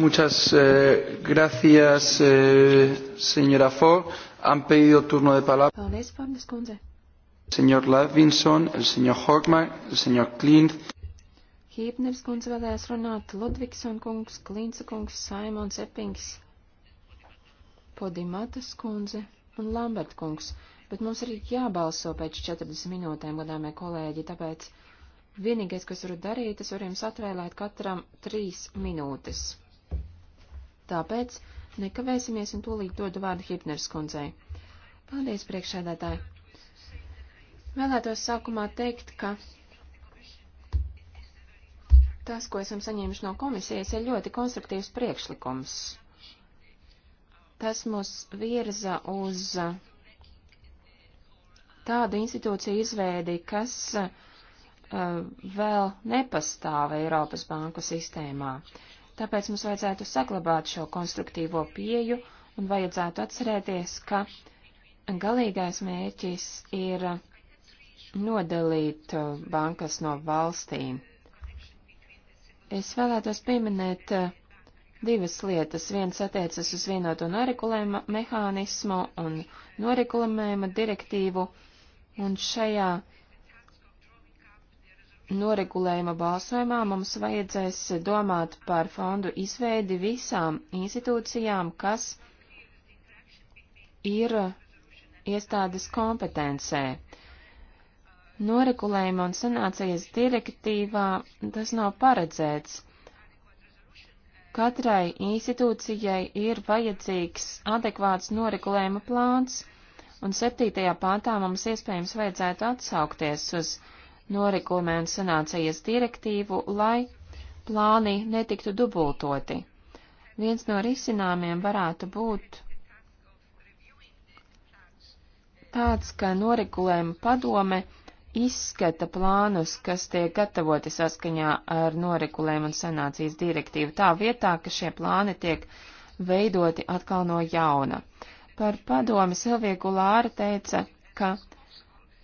Muchas eh, gracias, eh, señora Ford. Han pedido turno de palabra. Paldies, Pārnes kundze. Senjor Levinson, senjor Hogmar, senjor Klint. Hīpners kundze vēlējās runāt, Ludvigson kungs, Klintsa kungs, Saimons Epings, Podimatas kundze un Lambert kungs, bet mums ir jābalso pēc 40 minūtēm, godāmie kolēģi, tāpēc vienīgais, ko es varu darīt, es varu jums atvēlēt katram 3 minūtes. Tāpēc nekavēsimies un tūlīt dodu vārdu Hipners kundzei. Paldies, priekšsēdētāji! Vēlētos sākumā teikt, ka tas, ko esam saņēmuši no komisijas, ir ļoti konstruktīvs priekšlikums. Tas mūs virza uz tādu institūciju izveidi, kas uh, vēl nepastāv Eiropas banku sistēmā. Tāpēc mums vajadzētu saglabāt šo konstruktīvo pieju un vajadzētu atcerēties, ka galīgais mērķis ir nodalīt uh, bankas no valstīm. Es vēlētos pieminēt uh, divas lietas. Viens attiecas uz vienoto noregulējuma mehānismu un noregulējuma direktīvu, un šajā noregulējuma balsojumā mums vajadzēs domāt par fondu izveidi visām institūcijām, kas ir uh, iestādes kompetencē noregulējuma un sanācijas direktīvā tas nav paredzēts. Katrai institūcijai ir vajadzīgs adekvāts noregulējuma plāns, un 7. pāntā mums iespējams vajadzētu atsaukties uz noregulējuma un sanācijas direktīvu, lai plāni netiktu dubultoti. Viens no risinājumiem varētu būt tāds, ka noregulējuma padome izskata plānus, kas tiek gatavoti saskaņā ar noregulējumu un sanācijas direktīvu, tā vietā, ka šie plāni tiek veidoti atkal no jauna. Par padomi Silvija Gulāra teica, ka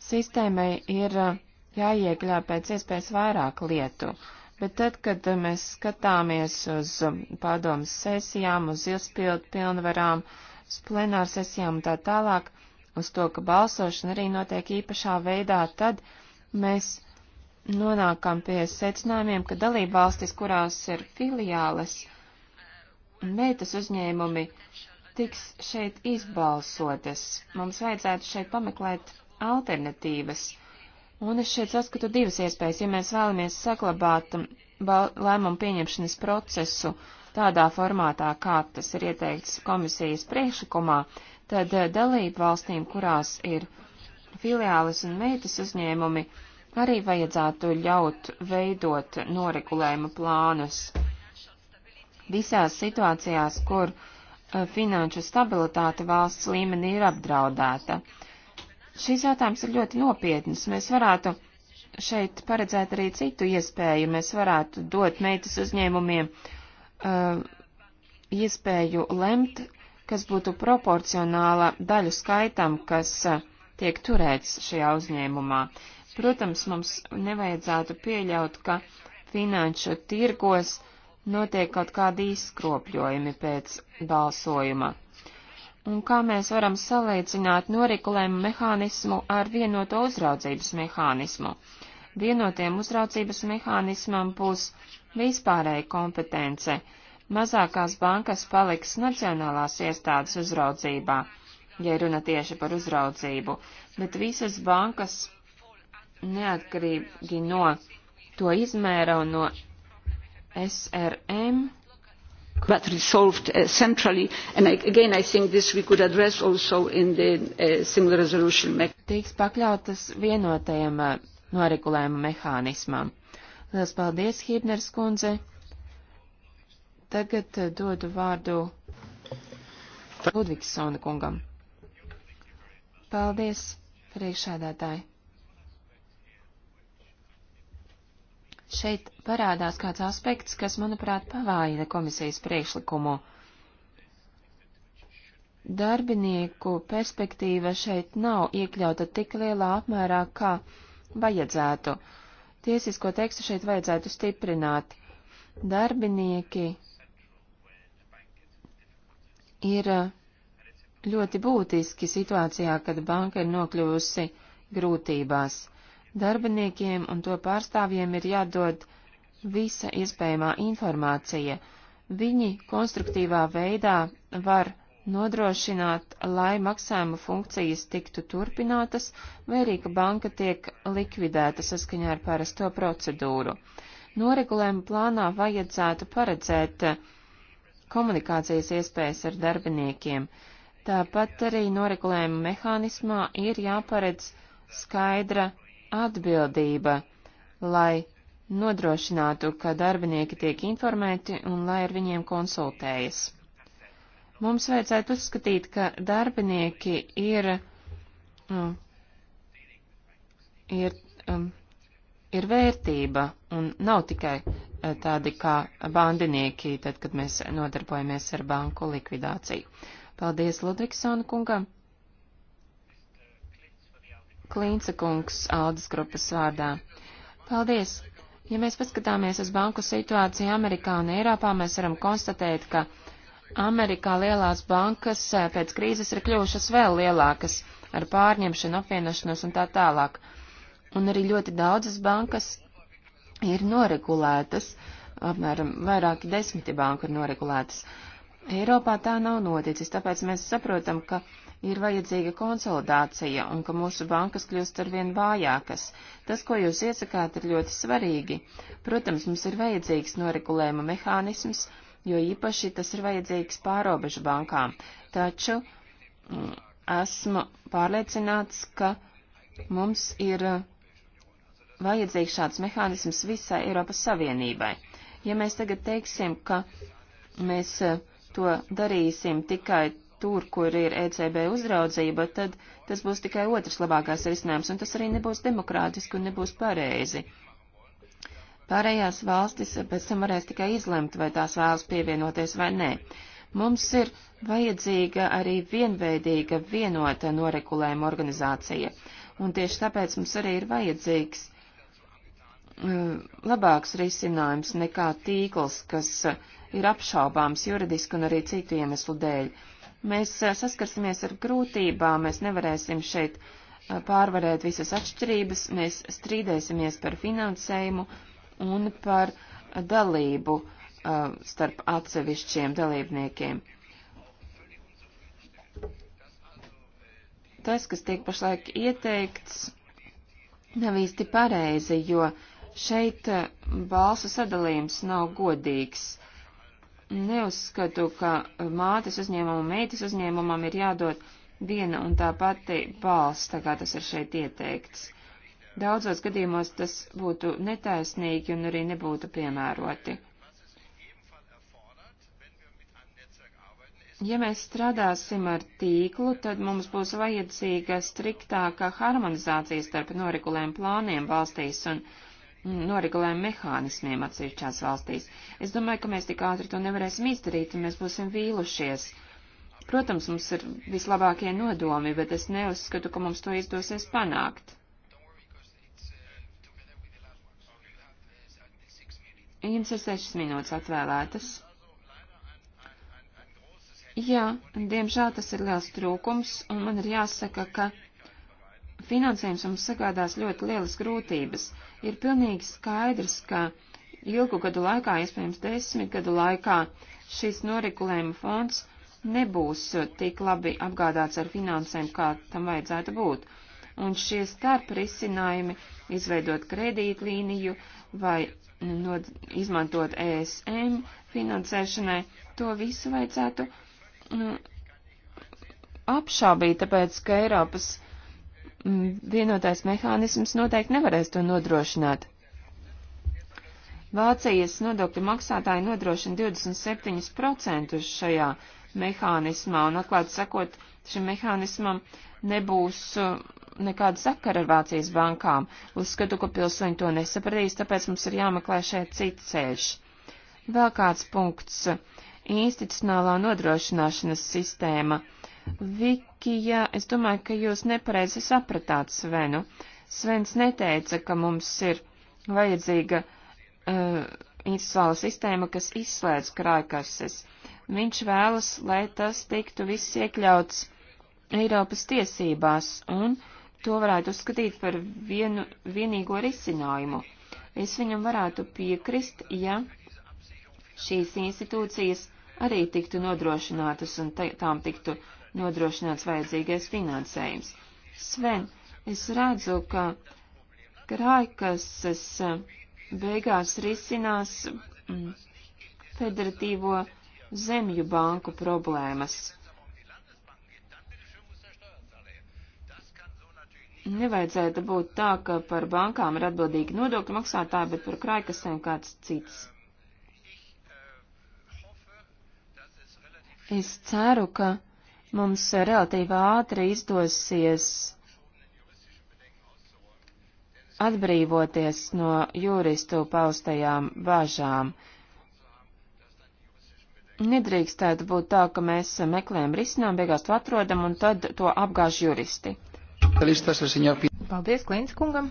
sistēmai ir uh, jāiekļā pēc iespējas vairāk lietu, bet tad, kad uh, mēs skatāmies uz um, padomas sesijām, uz ilgspildu pilnvarām, uz plenāru sesijām un tā tālāk, uz to, ka balsošana arī notiek īpašā veidā, tad mēs nonākam pie secinājumiem, ka dalībvalstis, kurās ir filiāles, meitas uzņēmumi tiks šeit izbalsotas. Mums vajadzētu šeit pameklēt alternatīvas. Un es šeit saskatu divas iespējas, ja mēs vēlamies saglabāt um, lēmumu pieņemšanas procesu tādā formātā, kā tas ir ieteikts komisijas priekšlikumā, uh, tad eh, dalību valstīm, kurās ir filiālis un meitas uzņēmumi, arī vajadzētu ļaut veidot noregulējuma plānus. Visās situācijās, kur eh, finanšu stabilitāte valsts līmenī ir apdraudēta. Šis jautājums ir ļoti nopietns. Mēs varētu šeit paredzēt arī citu iespēju. Mēs varētu dot meitas uzņēmumiem uh, iespēju lemt kas būtu proporcionāla daļu skaitam, kas eh, tiek turēts šajā uzņēmumā. Protams, mums nevajadzētu pieļaut, ka finanšu tirgos notiek kaut kādi izskropļojumi pēc balsojuma. Un kā mēs varam salīdzināt norikulējumu mehānismu ar vienoto uzraudzības mehānismu? Vienotiem uzraudzības mehānismam būs vispārēja kompetence, mazākās bankas paliks nacionālās iestādes uzraudzībā, ja runa tieši par uzraudzību, bet visas bankas neatkarīgi no to izmēra un no SRM. But resolved uh, centrally, and I, again, I think this we could address also in the uh, similar resolution mechanism. Tiks pakļautas vienotajam uh, noregulējuma mehānismam. Lielas paldies, Hībners kundze! Tagad eh, dodu vārdu Ludvigsona kungam. Paldies, priekšādātāji. Šeit parādās kāds aspekts, kas, manuprāt, pavājina komisijas priekšlikumu. Darbinieku perspektīva šeit nav iekļauta tik lielā apmērā, kā vajadzētu. Tiesisko tekstu šeit vajadzētu stiprināt. Darbinieki ir eh, ļoti būtiski situācijā, kad banka ir nokļuvusi grūtībās. Darbiniekiem un to pārstāvjiem ir jādod visa iespējamā informācija. Viņi konstruktīvā veidā var nodrošināt, lai maksājuma funkcijas tiktu turpinātas, vai arī, ka banka tiek likvidēta saskaņā ar parasto procedūru. Noregulējuma plānā vajadzētu paredzēt uh, komunikācijas iespējas ar darbiniekiem. Tāpat arī noregulējuma mehānismā ir jāparedz skaidra atbildība, lai nodrošinātu, ka darbinieki tiek informēti un lai ar viņiem konsultējas. Mums vajadzētu uzskatīt, ka darbinieki ir, mm, ir, um, ir vērtība un nav tikai tādi kā bandinieki, tad, kad mēs nodarbojamies ar banku likvidāciju. Paldies Ludvigsona kungam. Klīnca kungs Aldas grupas vārdā. Paldies! Ja mēs paskatāmies uz banku situāciju Amerikā un Eiropā, mēs varam konstatēt, ka Amerikā lielās bankas eh, pēc krīzes ir kļuvušas vēl lielākas ar pārņemšanu, apvienošanos un tā tālāk. Un arī ļoti daudzas bankas ir noregulētas, apmēram vairāki desmiti banku ir noregulētas. Eiropā tā nav noticis, tāpēc mēs saprotam, ka ir vajadzīga konsolidācija un ka mūsu bankas kļūst arvien vājākas. Tas, ko jūs iesakāt, ir ļoti svarīgi. Protams, mums ir vajadzīgs noregulējuma mehānisms, jo īpaši tas ir vajadzīgs pārobežu bankām. Taču mm, esmu pārliecināts, ka mums ir vajadzīgs šāds mehānisms visai Eiropas Savienībai. Ja mēs tagad teiksim, ka mēs eh, to darīsim tikai tur, kur ir ECB uzraudzība, tad tas būs tikai otrs labākās risinājums, un tas arī nebūs demokrātiski un nebūs pareizi. Pārējās valstis pēc tam varēs tikai izlemt, vai tās vēlas pievienoties vai nē. Mums ir vajadzīga arī vienveidīga, vienota noregulējuma organizācija, un tieši tāpēc mums arī ir vajadzīgs Eh, labāks risinājums nekā tīkls, kas ir apšaubāms juridiski un arī citu iemeslu dēļ. Mēs eh, saskarsimies ar grūtībām, mēs nevarēsim šeit eh, pārvarēt visas atšķirības, mēs strīdēsimies par finansējumu un par dalību starp atsevišķiem dalībniekiem. Tas, kas tiek pašlaik ieteikts, nav īsti pareizi, jo uh, Šeit eh, balsu sadalījums nav godīgs. Neuzskatu, ka eh, mātes uzņēmumu un meitas uzņēmumam ir jādod viena un tā pati balss, tā kā tas ir šeit ieteikts. Daudzos gadījumos tas būtu netaisnīgi un arī nebūtu piemēroti. Ja mēs strādāsim ar tīklu, tad mums būs vajadzīga striktāka harmonizācija starp norikulēm plāniem valstīs, un noregulējumu mehānismiem atsevišķās valstīs. Es domāju, ka mēs tik ātri to nevarēsim izdarīt, un mēs būsim vīlušies. Protams, mums ir vislabākie nodomi, bet es neuzskatu, ka mums to izdosies panākt. Jums ir sešas minūtes atvēlētas. Jā, diemžēl tas ir liels trūkums, un man ir jāsaka, ka finansējums mums sagādās ļoti lielas grūtības. Ir pilnīgi skaidrs, ka ilgu gadu laikā, iespējams desmit gadu laikā, šis norikulējuma fonds nebūs tik labi apgādāts ar finansēm, kā tam vajadzētu būt. Un šie starp risinājumi - izveidot kredītlīniju vai nod, izmantot ESM finansēšanai, to visu vajadzētu nu, apšābīt, tāpēc, ka Eiropas uh, Mm, vienotais mehānisms noteikti nevarēs to nodrošināt. Vācijas nodokļu maksātāji nodrošina 27% šajā mehānismā, un atklāt sakot, šim mehānismam nebūs uh, nekāda sakara ar Vācijas bankām. Uzskatu, ka pilsoņi to nesapratīs, tāpēc mums ir jāmeklē šeit cits ceļš. Vēl kāds punkts - institucionālā nodrošināšanas sistēma. Vik Slovākija, es domāju, ka jūs nepareizi sapratāt Svenu. Svens neteica, ka mums ir vajadzīga uh, institucionāla sistēma, kas izslēdz krājkases. Viņš vēlas, lai tas tiktu viss iekļauts Eiropas tiesībās, un to varētu uzskatīt par vienu, vienīgo risinājumu. Es viņam varētu piekrist, ja šīs institūcijas arī tiktu nodrošinātas un tām tiktu nodrošināts vajadzīgais finansējums. Sven, es redzu, ka krājkases eh, beigās risinās mm, federatīvo zemju banku problēmas. Nevajadzētu būt tā, ka par bankām ir atbildīgi nodokļu maksātāji, bet par krājkasēm kāds cits. Es ceru, ka mums relatīvi ātri izdosies atbrīvoties no juristu paustajām bāžām. Nedrīkstētu būt tā, ka mēs meklējam risinām, beigās to atrodam un tad to apgāž juristi. Paldies Klīns kungam.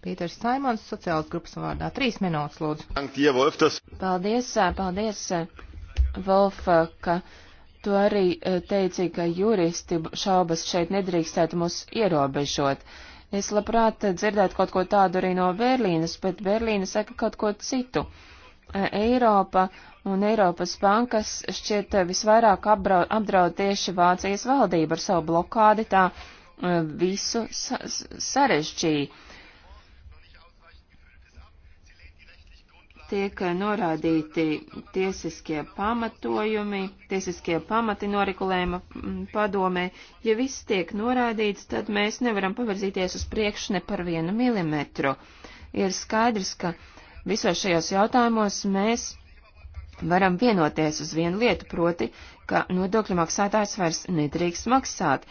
Pīters Saimons, sociālas grupas vārdā. Trīs minūtes, lūdzu. Paldies, paldies, Volfa, ka Tu arī eh, teici, ka juristi šaubas šeit nedrīkstētu mūs ierobežot. Es labprāt eh, dzirdētu kaut ko tādu arī no Berlīnas, bet Berlīna saka kaut ko citu. Eh, Eiropa un Eiropas bankas šķiet visvairāk apdraud, apdraud tieši Vācijas valdība ar savu blokādi, tā visu sa sarežģīja tiek norādīti tiesiskie pamatojumi, tiesiskie pamati noregulējuma mm, padomē. Ja viss tiek norādīts, tad mēs nevaram pavirzīties uz priekšu ne par vienu milimetru. Ir skaidrs, ka visos šajos jautājumos mēs varam vienoties uz vienu lietu, proti, ka nodokļu maksātājs vairs nedrīkst maksāt.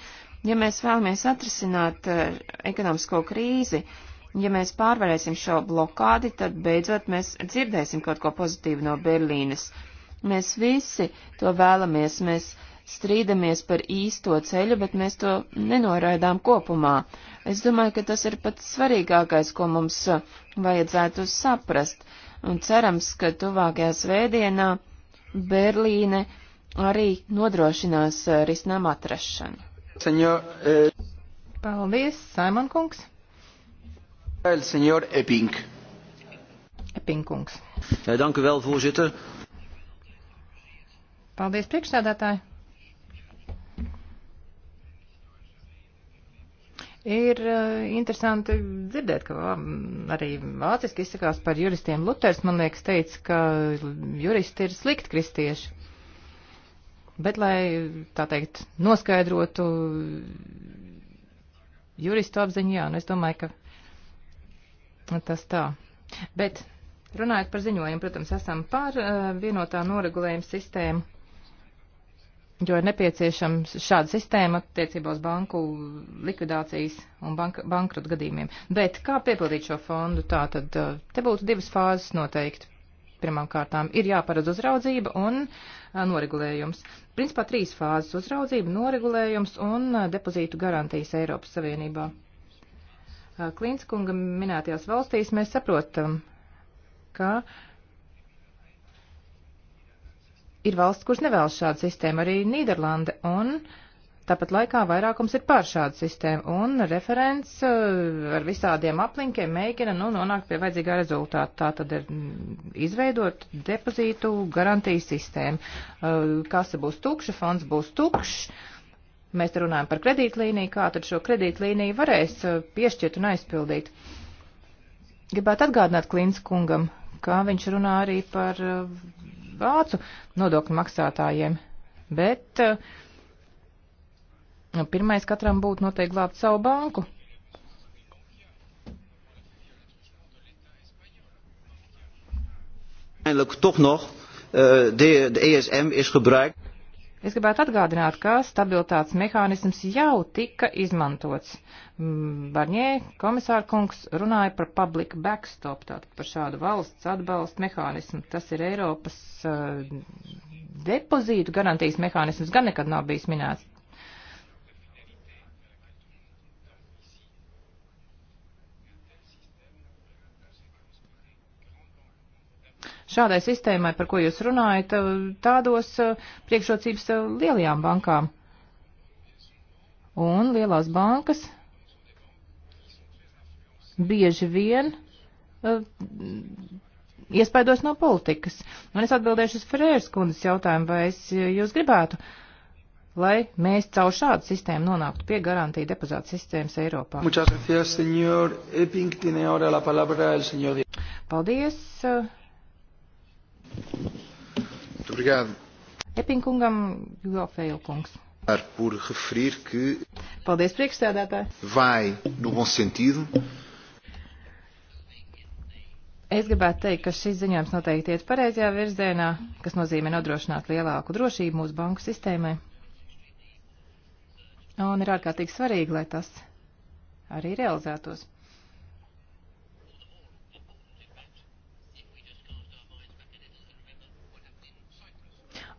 Ja mēs vēlamies atrisināt eh, ekonomisko krīzi, uh, Ja mēs pārvarēsim šo blokādi, tad beidzot mēs dzirdēsim kaut ko pozitīvu no Berlīnes. Mēs visi to vēlamies, mēs strīdamies par īsto ceļu, bet mēs to nenoraidām kopumā. Es domāju, ka tas ir pats svarīgākais, ko mums vajadzētu saprast, un cerams, ka tuvākajā svētdienā Berlīne arī nodrošinās eh, risinām atrašanu. Senjor, e... Eh, Paldies, Saimon Kungs! El senjor Epink. Epinkungs. Ja, danku vēl, voorzitter. Paldies, priekšstādātāji. Ir eh, interesanti dzirdēt, ka um, arī vāciski izsakās par juristiem. Luters, man liekas, teica, ka juristi ir slikti kristieši. Bet, lai tā teikt, noskaidrotu juristu apziņu, jā, nu es domāju, ka Tas tā. Bet runājot par ziņojumu, protams, esam par uh, vienotā noregulējuma sistēmu, jo ir nepieciešams šāda sistēma attiecībā uz banku likvidācijas un bank bankrotu gadījumiem. Bet kā piepildīt šo fondu? Tā tad uh, te būtu divas fāzes noteikti. Pirmām kārtām ir jāparedz uzraudzība un uh, noregulējums. Principā trīs fāzes - uzraudzība, noregulējums un uh, depozītu garantijas Eiropas Savienībā. Mm. Klinskunga minētajās valstīs mēs saprotam, ka ir valsts, kuras nevēlas šādu sistēmu, arī Nīderlande, un tāpat laikā vairākums ir pār šādu sistēmu, un referents uh, ar visādiem aplinkiem mēģina nu, nonākt pie vajadzīgā rezultāta. Tā tad ir mm, izveidot depozītu garantijas sistēmu. Uh, Kasa būs tukša, fonds būs tukšs Mēs te runājam par kredītlīniju, kā tad šo kredītlīniju varēs uh, piešķirt un aizpildīt. Gribētu atgādināt Klīns kungam, kā viņš runā arī par uh, vācu nodokļu maksātājiem, bet uh, pirmais katram būtu noteikti glābt savu banku. Uiteindelijk toch nog, eh, de, de ESM is gebruikt. Es gribētu atgādināt, ka stabilitātes mehānisms jau tika izmantots. Mm, Barņē komisāra kungs runāja par public backstop, tātad par šādu valsts atbalstu mehānismu. Tas ir Eiropas uh, depozītu garantijas mehānisms, gan nekad nav bijis minēts. šādai sistēmai, par ko jūs runājat, eh, tādos eh, priekšrocības eh, lielajām bankām. Un lielās bankas bieži vien uh, iespaidos no politikas. Un es atbildēšu uz Ferēras kundzes jautājumu, vai es jūs gribētu, lai mēs caur šādu sistēmu nonāktu pie garantija depozīta sistēmas Eiropā. Gracias, señor Epping, tiene ahora la palabra el señor. Paldies. Uh, Obrigado. Epinkungam, Jofeil kungs. Por referir que Paldies, priekšsēdētāji. Vai no bom sentido. Es gribētu teikt, ka šis ziņojums noteikti iet pareizajā virzienā, kas nozīmē nodrošināt lielāku drošību mūsu banku sistēmai. Un ir ārkārtīgi svarīgi, lai tas arī realizētos.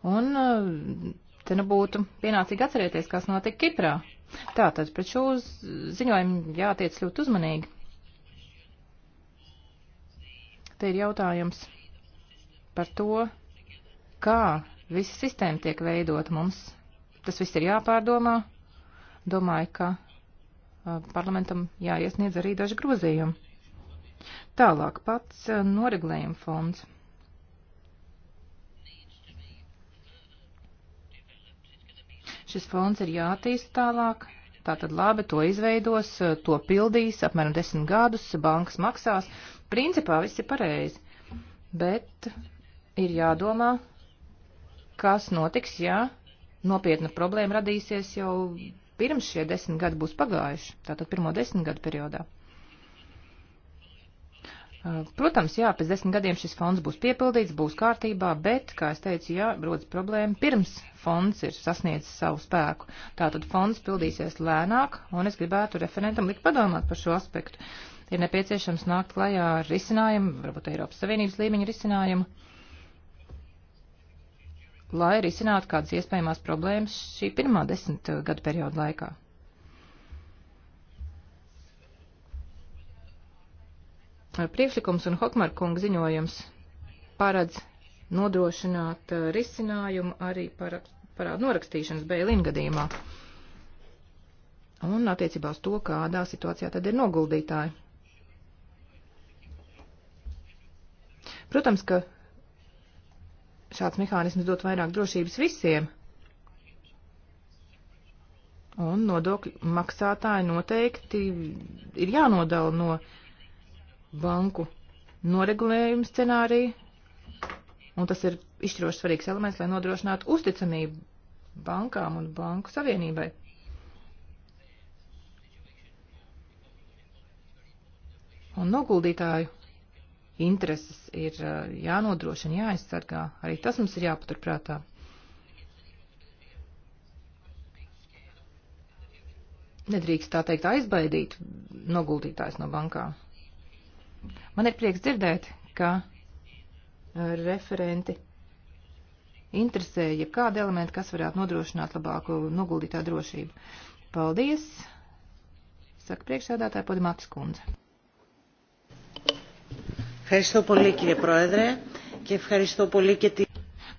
Un eh, te nu būtu pienācīgi atcerēties, kas notika Kiprā. Tātad pret šo ziņojumu jātiec ļoti uzmanīgi. Te ir jautājums par to, kā visa sistēma tiek veidot mums. Tas viss ir jāpārdomā. Domāju, ka eh, parlamentam jāiesniedz arī daži grozījumi. Tālāk pats eh, noreglējuma fonds. Šis fonds ir jātīsta tālāk. Tātad labi, to izveidos, to pildīs, apmēram desmit gadus, bankas maksās. Principā viss ir pareizi. Bet ir jādomā, kas notiks, ja nopietna problēma radīsies jau pirms šie desmit gadi būs pagājuši, tātad pirmo desmit gadu periodā. Uh, protams, jā, pēc desmit gadiem šis fonds būs piepildīts, būs kārtībā, bet, kā es teicu, jā, rodas problēma pirms fonds ir sasniedzis savu spēku. Tātad fonds pildīsies lēnāk, un es gribētu referentam likt padomāt par šo aspektu. Ir nepieciešams nākt klajā ar risinājumu, varbūt Eiropas Savienības līmeņa risinājumu, lai risinātu kādas iespējamās problēmas šī pirmā desmit gadu perioda laikā. priekšlikums un Hokmar kunga ziņojums paredz nodrošināt eh, risinājumu arī par, parādu norakstīšanas bēlīnu gadījumā. Un attiecībā uz to, kādā situācijā tad ir noguldītāji. Protams, ka šāds mehānisms dot vairāk drošības visiem. Un nodokļu maksātāji noteikti ir jānodala no uh, banku noregulējumu scenāriju, un tas ir izšķiroši svarīgs elements, lai nodrošinātu uzticamību bankām un banku savienībai. Un noguldītāju intereses ir eh, jānodrošina, jāaizsargā. Arī tas mums ir jāpaturprātā. Nedrīkst tā teikt aizbaidīt noguldītājs no bankām. Man ir prieks dzirdēt, ka e, referenti interesēja kādi elementi, kas varētu nodrošināt labāku noguldītā drošību. Paldies! Saka priekšsēdētāja Podimātas kundze.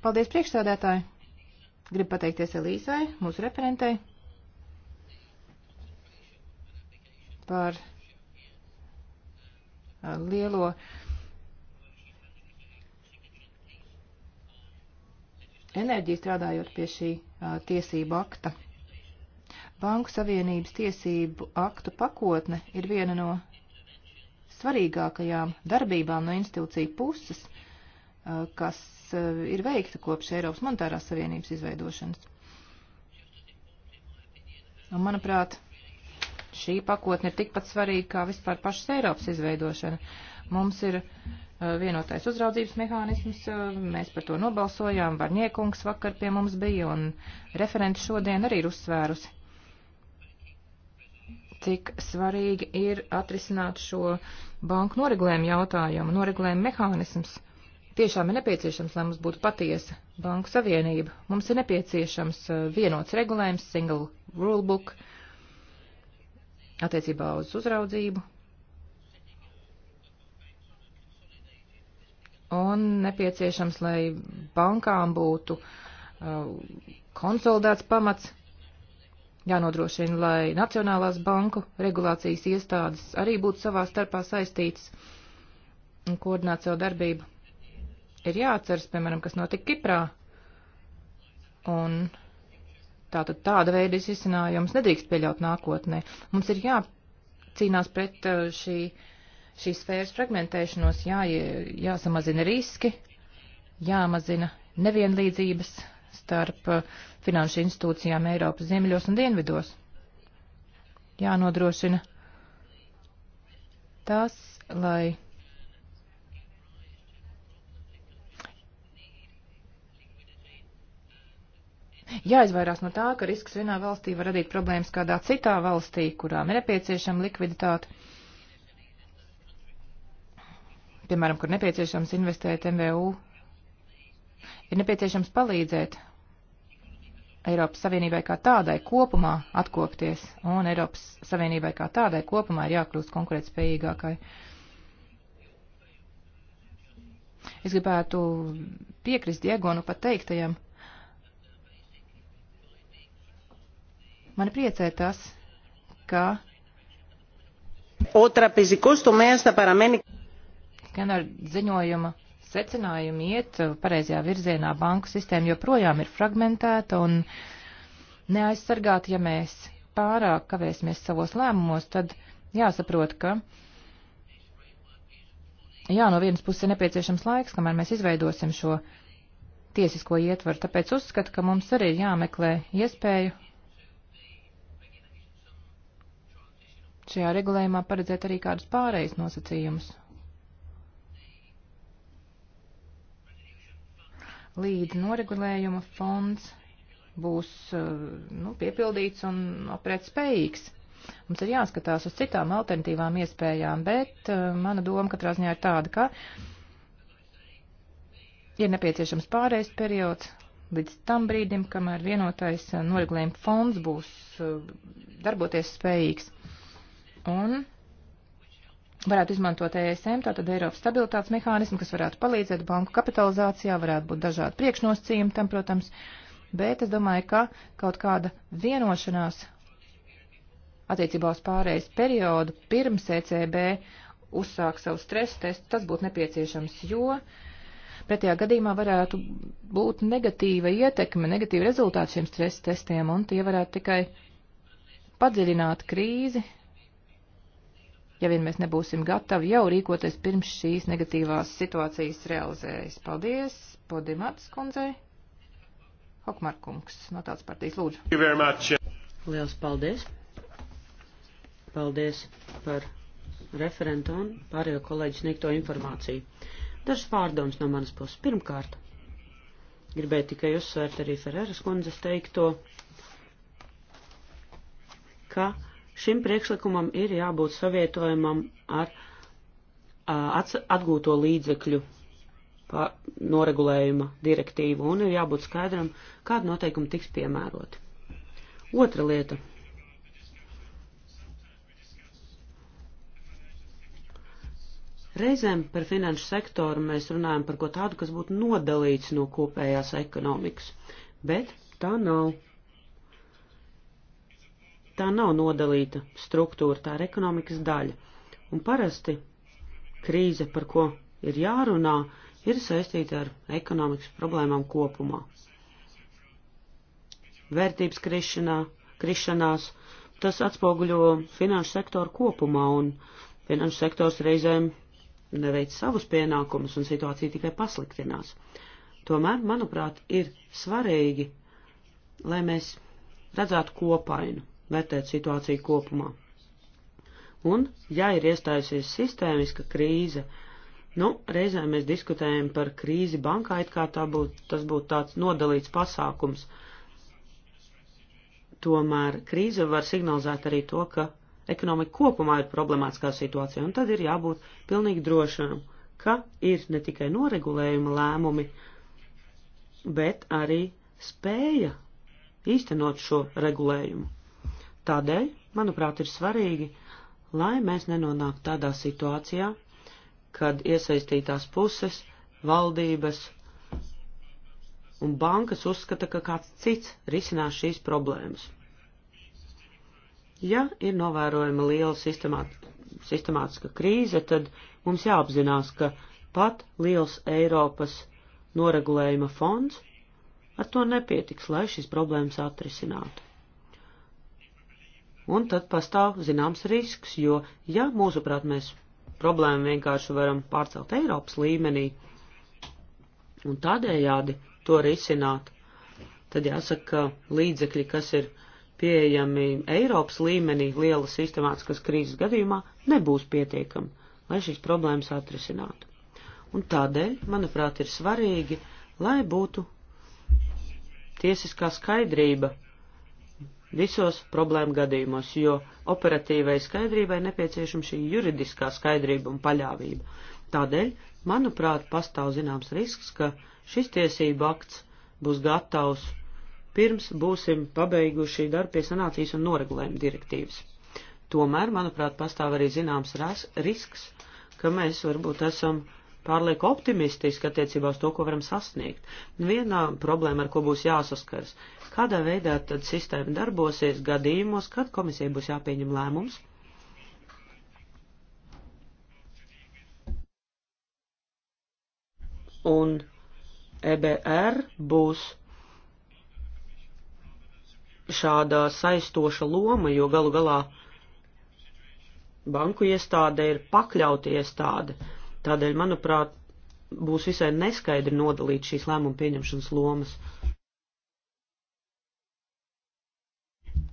Paldies priekšsēdētāji! Gribu pateikties Elīzai, mūsu referentei, par lielo enerģiju strādājot pie šī tiesību akta. Banku Savienības tiesību aktu pakotne ir viena no svarīgākajām darbībām no institūciju puses, kas ir veikta kopš Eiropas monetārās savienības izveidošanas. Un, manuprāt, šī pakotne ir tikpat svarīga kā vispār pašas Eiropas izveidošana. Mums ir uh, vienotais uzraudzības mehānisms, uh, mēs par to nobalsojām, Varņiekungs vakar pie mums bija un referenti šodien arī ir uzsvērusi, cik svarīgi ir atrisināt šo banku noregulējumu jautājumu, noregulējumu mehānisms. Tiešām ir nepieciešams, lai mums būtu patiesa banku savienība. Mums ir nepieciešams uh, vienots regulējums, single rulebook, book, attiecībā uz uzraudzību un nepieciešams, lai bankām būtu uh, konsolidēts pamats. Jānodrošina, lai Nacionālās banku regulācijas iestādes arī būtu savā starpā saistītas un koordinēt savu darbību. Ir jāatceras, piemēram, kas notika Kiprā un Tātad tāda veida izcinājums nedrīkst pieļaut nākotnē. Mums ir jācīnās pret uh, šī, šīs sfēras fragmentēšanos, jā, jāsamazina riski, jāmazina nevienlīdzības starp uh, finanšu institūcijām Eiropas ziemeļos un dienvidos. Jānodrošina tas, lai jāizvairās no tā, ka risks vienā valstī var radīt problēmas kādā citā valstī, kurām ir nepieciešama likviditāte. Piemēram, kur nepieciešams investēt MVU, ir nepieciešams palīdzēt Eiropas Savienībai kā tādai kopumā atkopties, un Eiropas Savienībai kā tādai kopumā ir jākļūst konkurētspējīgākai. Es gribētu piekrist Diegonu pateiktajam. Ja Mani priecē tas, ka. O trapezikos tomēr tā paramēni. Gan ar ziņojuma secinājumu iet pareizajā virzienā banku sistēma joprojām ir fragmentēta un neaizsargāta, ja mēs pārāk kavēsimies savos lēmumos, tad jāsaprot, ka. Jā, no vienas puses ir nepieciešams laiks, kamēr mēs izveidosim šo tiesisko ietvaru, tāpēc uzskatu, ka mums arī ir jāmeklē iespēju šajā regulējumā paredzēt arī kādus pārejas nosacījumus. Līdz noregulējuma fonds būs eh, nu, piepildīts un operēt spējīgs. Mums ir jāskatās uz citām alternatīvām iespējām, bet eh, mana doma katrā ziņā ir tāda, ka ir nepieciešams pārējais periods līdz tam brīdim, kamēr vienotais eh, noregulējuma fonds būs darboties spējīgs un varētu izmantot ESM, tātad Eiropas stabilitātes mehānismu, kas varētu palīdzēt banku kapitalizācijā, varētu būt dažādi priekšnosacījumi tam, protams, bet es domāju, ka kaut kāda vienošanās attiecībā uz pārējais periodu pirms ECB uzsāk savu stresu testu, tas būtu nepieciešams, jo pretējā gadījumā varētu būt negatīva ietekme, negatīva rezultāti šiem stresa testiem, un tie varētu tikai padziļināt krīzi, ja vien mēs nebūsim gatavi jau rīkoties pirms šīs negatīvās situācijas realizējas. Paldies, Podimats kundzei. Hokmarkungs no tāds partijas lūdzu. Liels paldies. Paldies par referentu un pārējo kolēģi sniegto informāciju. Dažs pārdoms no manas puses. Pirmkārt, gribēju tikai uzsvērt arī Ferēras kundzes teikto, ka Šim priekšlikumam ir jābūt savietojumam ar atgūto līdzekļu noregulējuma direktīvu un ir jābūt skaidram, kāda noteikuma tiks piemēroti. Otra lieta. Reizēm par finanšu sektoru mēs runājam par ko tādu, kas būtu nodalīts no kopējās ekonomikas, bet tā nav tā nav nodalīta struktūra, tā ir ekonomikas daļa. Un parasti krīze, par ko ir jārunā, ir saistīta ar ekonomikas problēmām kopumā. Vērtības krišanā, krišanās, tas atspoguļo finanšu sektoru kopumā, un finanšu sektors reizēm neveic savus pienākumus, un situācija tikai pasliktinās. Tomēr, manuprāt, ir svarīgi, lai mēs redzētu kopainu vērtēt situāciju kopumā. Un, ja ir iestājusies sistēmiska krīze, nu, reizēm mēs diskutējam par krīzi bankā, it kā tā būtu, tas būtu tāds nodalīts pasākums. Tomēr krīze var signalizēt arī to, ka ekonomika kopumā ir problemātiskā situācija, un tad ir jābūt pilnīgi drošam, ka ir ne tikai noregulējuma lēmumi, bet arī spēja īstenot šo regulējumu. Tādēļ, manuprāt, ir svarīgi, lai mēs nenonāktu tādā situācijā, kad iesaistītās puses, valdības un bankas uzskata, ka kāds cits risinās šīs problēmas. Ja ir novērojama liela sistemāt, sistemātiska krīze, tad mums jāapzinās, ka pat liels Eiropas noregulējuma fonds ar to nepietiks, lai šīs problēmas atrisinātu. Un tad pastāv zināms risks, jo, ja mūsuprāt mēs problēmu vienkārši varam pārcelt Eiropas līmenī un tādējādi to risināt, tad jāsaka, ka līdzekļi, kas ir pieejami Eiropas līmenī liela sistemātiskas krīzes gadījumā, nebūs pietiekami, lai šīs problēmas atrisinātu. Un tādēļ, manuprāt, ir svarīgi, lai būtu tiesiskā skaidrība visos problēmu gadījumos, jo operatīvai skaidrībai nepieciešama šī juridiskā skaidrība un paļāvība. Tādēļ, manuprāt, pastāv zināms risks, ka šis tiesību akts būs gatavs pirms būsim pabeiguši darbu pie sanācijas un noregulējuma direktīvas. Tomēr, manuprāt, pastāv arī zināms risks, ka mēs varbūt esam pārlieku optimistiski attiecībā uz to, ko varam sasniegt. Vienā problēma, ar ko būs jāsaskars, kādā veidā tad sistēma darbosies gadījumos, kad komisija būs jāpieņem lēmums un EBR būs šāda saistoša loma, jo galu galā banku iestāde ir pakļauta iestāde. Tādēļ, manuprāt, būs visai neskaidri nodalīt šīs lēmumu pieņemšanas lomas.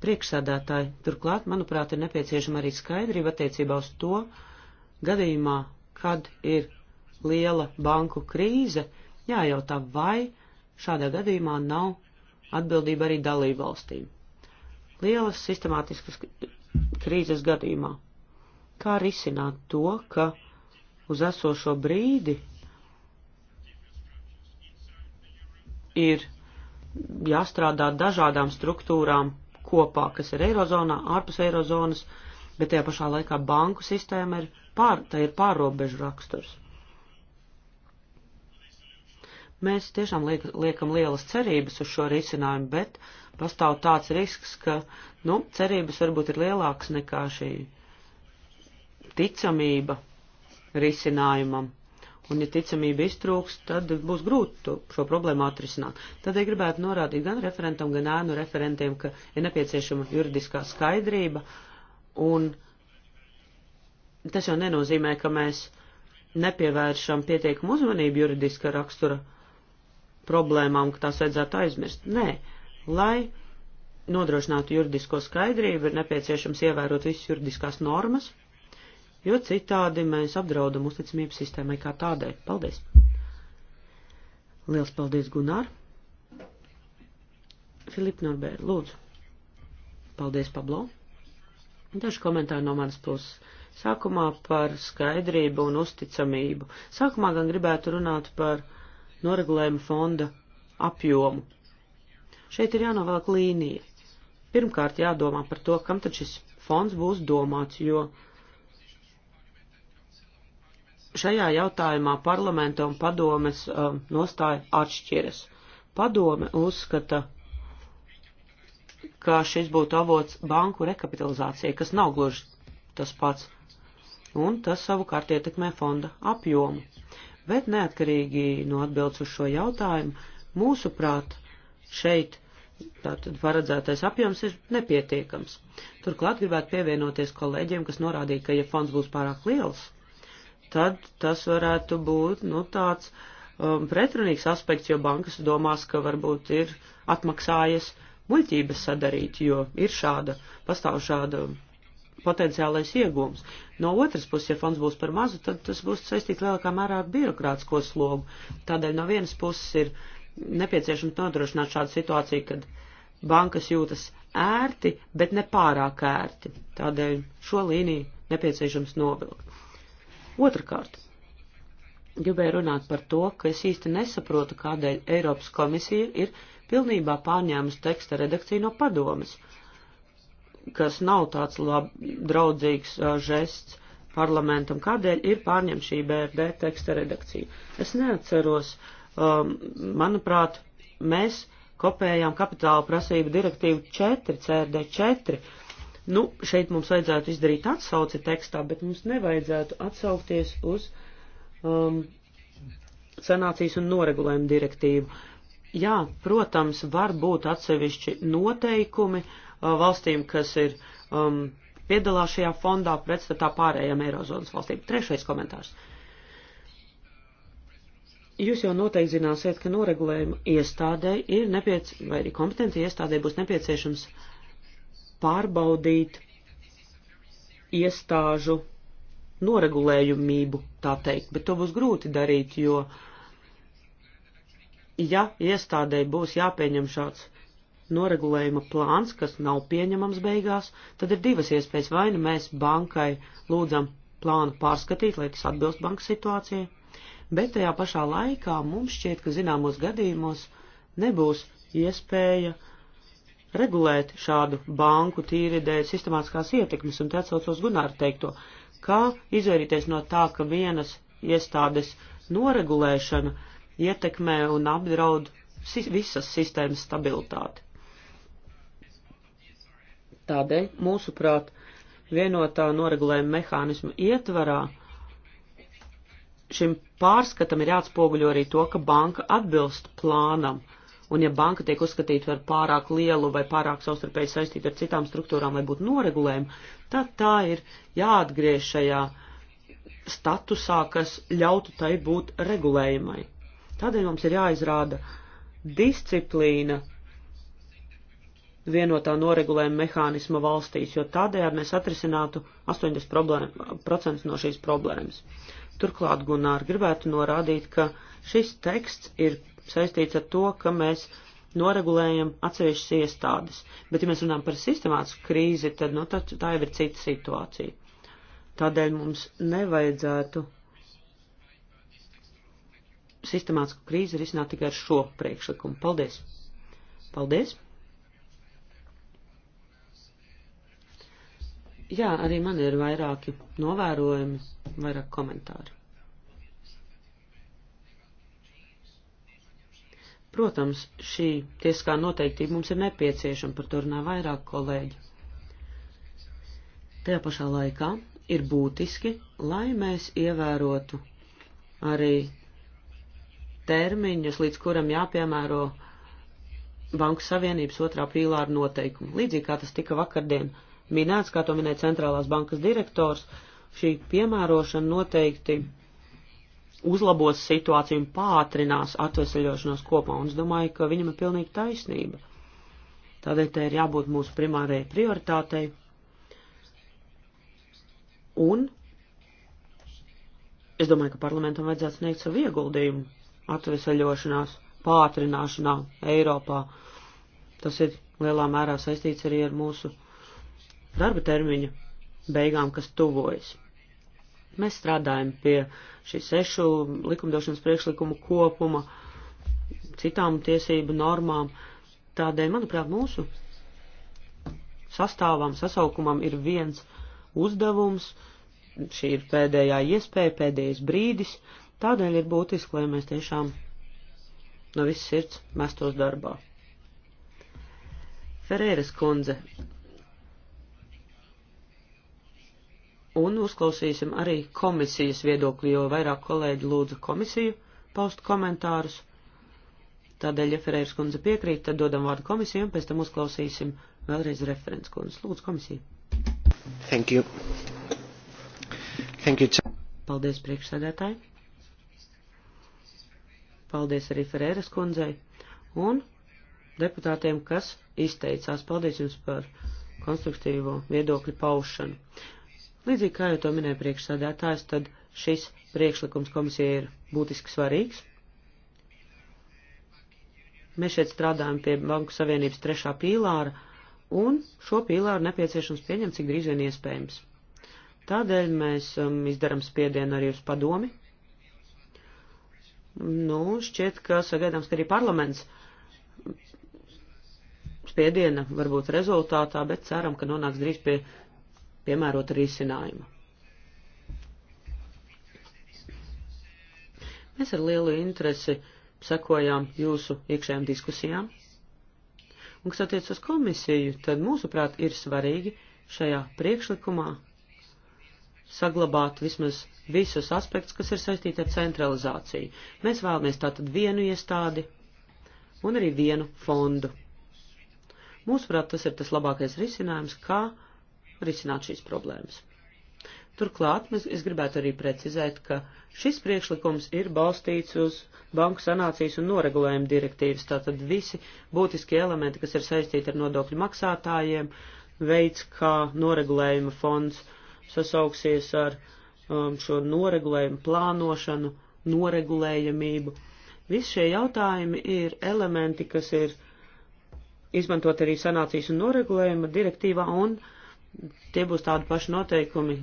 Priekšsādātāji, turklāt, manuprāt, ir nepieciešama arī skaidrība attiecībā uz to gadījumā, kad ir liela banku krīze, jājautā, vai šādā gadījumā nav atbildība arī dalībvalstīm. Lielas sistemātiskas krīzes gadījumā. Kā risināt to, ka uz esošo brīdi ir jāstrādā dažādām struktūrām kopā, kas ir Eirozonā, ārpus Eirozonas, bet tajā pašā laikā banku sistēma ir, pār, ir pārrobežu raksturs. Mēs tiešām liek, liekam lielas cerības uz šo risinājumu, bet pastāv tāds risks, ka, nu, cerības varbūt ir lielākas nekā šī ticamība risinājumam. Un, ja ticamība iztrūks, tad būs grūti šo problēmu atrisināt. Tad ja gribētu norādīt gan referentam, gan ēnu referentiem, ka ir nepieciešama juridiskā skaidrība, un tas jau nenozīmē, ka mēs nepievēršam pietiekumu uzmanību juridiska rakstura problēmām, ka tās vajadzētu aizmirst. Nē, lai nodrošinātu juridisko skaidrību, ir nepieciešams ievērot visas juridiskās normas, jo citādi mēs apdraudam uzticamību sistēmai kā tādai. Paldies! Liels paldies, Gunār! Filipa Norbēra, lūdzu! Paldies, Pablo! Daži komentāri no manas puses. Sākumā par skaidrību un uzticamību. Sākumā gan gribētu runāt par noregulējuma fonda apjomu. Šeit ir jānovelk līnija. Pirmkārt jādomā par to, kam tad šis fonds būs domāts, jo šajā jautājumā parlamenta un padomes um, nostāja atšķiras. Padome uzskata, ka šis būtu avots banku rekapitalizācijai, kas nav gluži tas pats, un tas savukārt ietekmē fonda apjomu. Bet neatkarīgi no atbildes uz šo jautājumu, mūsuprāt, šeit tātad paredzētais apjoms ir nepietiekams. Turklāt gribētu pievienoties kolēģiem, kas norādīja, ka ja fonds būs pārāk liels, tad tas varētu būt nu, tāds um, pretrunīgs aspekts, jo bankas domās, ka varbūt ir atmaksājies muļķības sadarīt, jo ir šāda, pastāv šāda potenciālais iegūms. No otras puses, ja fonds būs par mazu, tad tas būs saistīts lielākā mērā ar birokrātsko slogu. Tādēļ no vienas puses ir nepieciešams nodrošināt šādu situāciju, kad bankas jūtas ērti, bet ne pārāk ērti. Tādēļ šo līniju nepieciešams novilkt. Otrakārt, gribēju runāt par to, ka es īsti nesaprotu, kādēļ Eiropas komisija ir pilnībā pārņēmusi teksta redakciju no padomas, kas nav tāds lab, draudzīgs uh, žests parlamentam, kādēļ ir pārņemta šī BRD teksta redakcija. Es neatceros, um, manuprāt, mēs kopējām kapitāla prasību direktīvu 4, CRD 4, Nu, šeit mums vajadzētu izdarīt atsauci tekstā, bet mums nevajadzētu atsaukties uz um, sanācijas un noregulējumu direktīvu. Jā, protams, var būt atsevišķi noteikumi uh, valstīm, kas ir um, piedalās šajā fondā pretstatā pārējām Eirozonas valstīm. Trešais komentārs. Jūs jau noteikti zināsiet, ka noregulējuma iestādē ir nepiec, vai arī kompetenci iestādē būs nepieciešams uh, pārbaudīt iestāžu noregulējumību, tā teikt, bet to būs grūti darīt, jo, ja iestādē būs jāpieņem šāds noregulējuma plāns, kas nav pieņemams beigās, tad ir divas iespējas. Vai nu mēs bankai lūdzam plānu pārskatīt, lai tas atbilst bankas situācijai, bet tajā pašā laikā mums šķiet, ka zināmos gadījumos nebūs iespēja uh, regulēt šādu banku tīri dēļ sistemātiskās ietekmes, un te atsaucos Gunāra teikto, kā izvairīties no tā, ka vienas iestādes noregulēšana ietekmē un apdraud si visas sistēmas stabilitāti. Tādēļ, mūsuprāt, vienotā noregulējuma mehānismu ietvarā šim pārskatam ir jāatspoguļo arī to, ka banka atbilst plānam, un ja banka tiek uzskatīta par pārāk lielu vai pārāk savstarpēji saistītu ar citām struktūrām, lai būtu noregulējumi, tad tā ir jāatgriež šajā statusā, kas ļautu tai būt regulējumai. Tādēļ mums ir jāizrāda disciplīna vienotā noregulējuma mehānisma valstīs, jo tādējādi mēs atrisinātu 80% no šīs problēmas. Turklāt, Gunār, gribētu norādīt, ka šis teksts ir saistīts ar to, ka mēs noregulējam atsevišķas iestādes. Bet, ja mēs runājam par sistemātisku krīzi, tad nu, tā, tā jau ir cita situācija. Tādēļ mums nevajadzētu sistemātisku krīzi risināt tikai ar šo priekšlikumu. Paldies! Paldies! Jā, arī man ir vairāki novērojumi, vairāk komentāri. Protams, šī tiesiskā noteiktība mums ir nepieciešama, par to runā vairāk kolēģi. Tajā pašā laikā ir būtiski, lai mēs ievērotu arī termiņus, līdz kuram jāpiemēro Banku Savienības otrā pīlāra noteikumu. Līdzīgi kā tas tika vakardien minēts, kā to minēja centrālās bankas direktors, šī piemērošana noteikti uzlabos situāciju un pātrinās atvesaļošanos kopā, un es domāju, ka viņam ir pilnīgi taisnība. Tādēļ te ir jābūt mūsu primārajai prioritātei. Un es domāju, ka parlamentam vajadzētu sniegt savu ieguldījumu atvesaļošanās, pātrināšanā Eiropā. Tas ir lielā mērā saistīts arī ar mūsu darba termiņu beigām, kas tuvojas. Mēs strādājam pie šī sešu likumdošanas priekšlikumu kopuma, citām tiesību normām. Tādēļ, manuprāt, mūsu sastāvam, sasaukumam ir viens uzdevums, šī ir pēdējā iespēja, pēdējais brīdis, tādēļ ir būtiski, lai mēs tiešām no viss sirds mestos darbā. Ferēras kundze, un uzklausīsim arī komisijas viedokli, jo vairāk kolēģi lūdza komisiju paust komentārus. Tādēļ, ja Ferēras kundze piekrīt, tad dodam vārdu komisiju un pēc tam uzklausīsim vēlreiz referents kundzes. Lūdzu, komisiju. Thank you. Thank you. Paldies, priekšsēdētāji. Paldies arī Ferēras kundzei un deputātiem, kas izteicās. Paldies jums par konstruktīvo viedokļu paušanu. Līdzīgi kā jau to minēja priekšsādātājs, tad šis priekšlikums komisijai ir būtiski svarīgs. Mēs šeit strādājam pie Banku Savienības trešā pīlāra, un šo pīlāru nepieciešams pieņemt cik drīz vien iespējams. Tādēļ mēs um, izdaram spiedienu arī uz padomi. Nu, šķiet, ka sagaidāms, ka arī parlaments spiediena varbūt rezultātā, bet ceram, ka nonāks drīz pie piemērota risinājuma. Mēs ar lielu interesi sekojām jūsu iekšējām diskusijām. Un, kas attiec uz komisiju, tad mūsuprāt ir svarīgi šajā priekšlikumā saglabāt vismaz visus aspektus, kas ir saistīti ar centralizāciju. Mēs vēlamies tātad vienu iestādi un arī vienu fondu. Mūsuprāt, tas ir tas labākais risinājums, kā risināt šīs problēmas. Turklāt mēs, es gribētu arī precizēt, ka šis priekšlikums ir balstīts uz banku sanācijas un noregulējuma direktīvas, tātad visi būtiski elementi, kas ir saistīti ar nodokļu maksātājiem, veids, kā noregulējuma fonds sasauksies ar um, šo noregulējumu plānošanu, noregulējamību. Visi šie jautājumi ir elementi, kas ir izmantot arī sanācijas un noregulējuma direktīvā un uh, tie būs tādi paši noteikumi,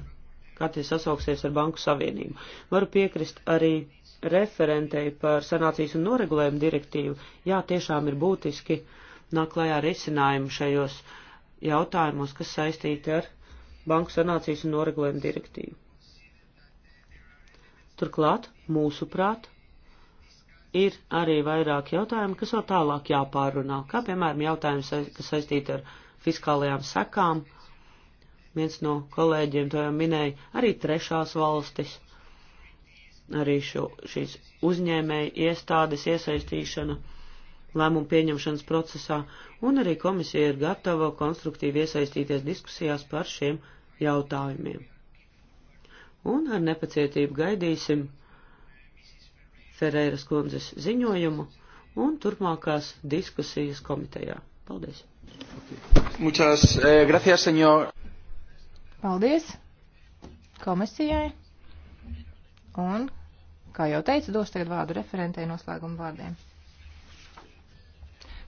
kā tie sasauksies ar Banku Savienību. Varu piekrist arī referentei par sanācijas un noregulējumu direktīvu. Jā, tiešām ir būtiski nāk klajā risinājumu šajos jautājumos, kas saistīti ar Banku sanācijas un noregulējumu direktīvu. Turklāt, mūsuprāt, ir arī vairāk jautājumu, kas vēl tālāk jāpārunā, kā piemēram jautājumi, kas saistīti ar fiskālajām sekām viens no kolēģiem to jau minēja, arī trešās valstis, arī šo, šīs uzņēmēja iestādes iesaistīšana lēmumu pieņemšanas procesā, un arī komisija ir gatava konstruktīvi iesaistīties diskusijās par šiem jautājumiem. Un ar nepacietību gaidīsim Ferreiras kundzes ziņojumu un turpmākās diskusijas komitejā. Paldies! Muchas eh, gracias, señor. Paldies komisijai. Un, kā jau teicu, došu tagad vārdu referentei noslēguma vārdiem.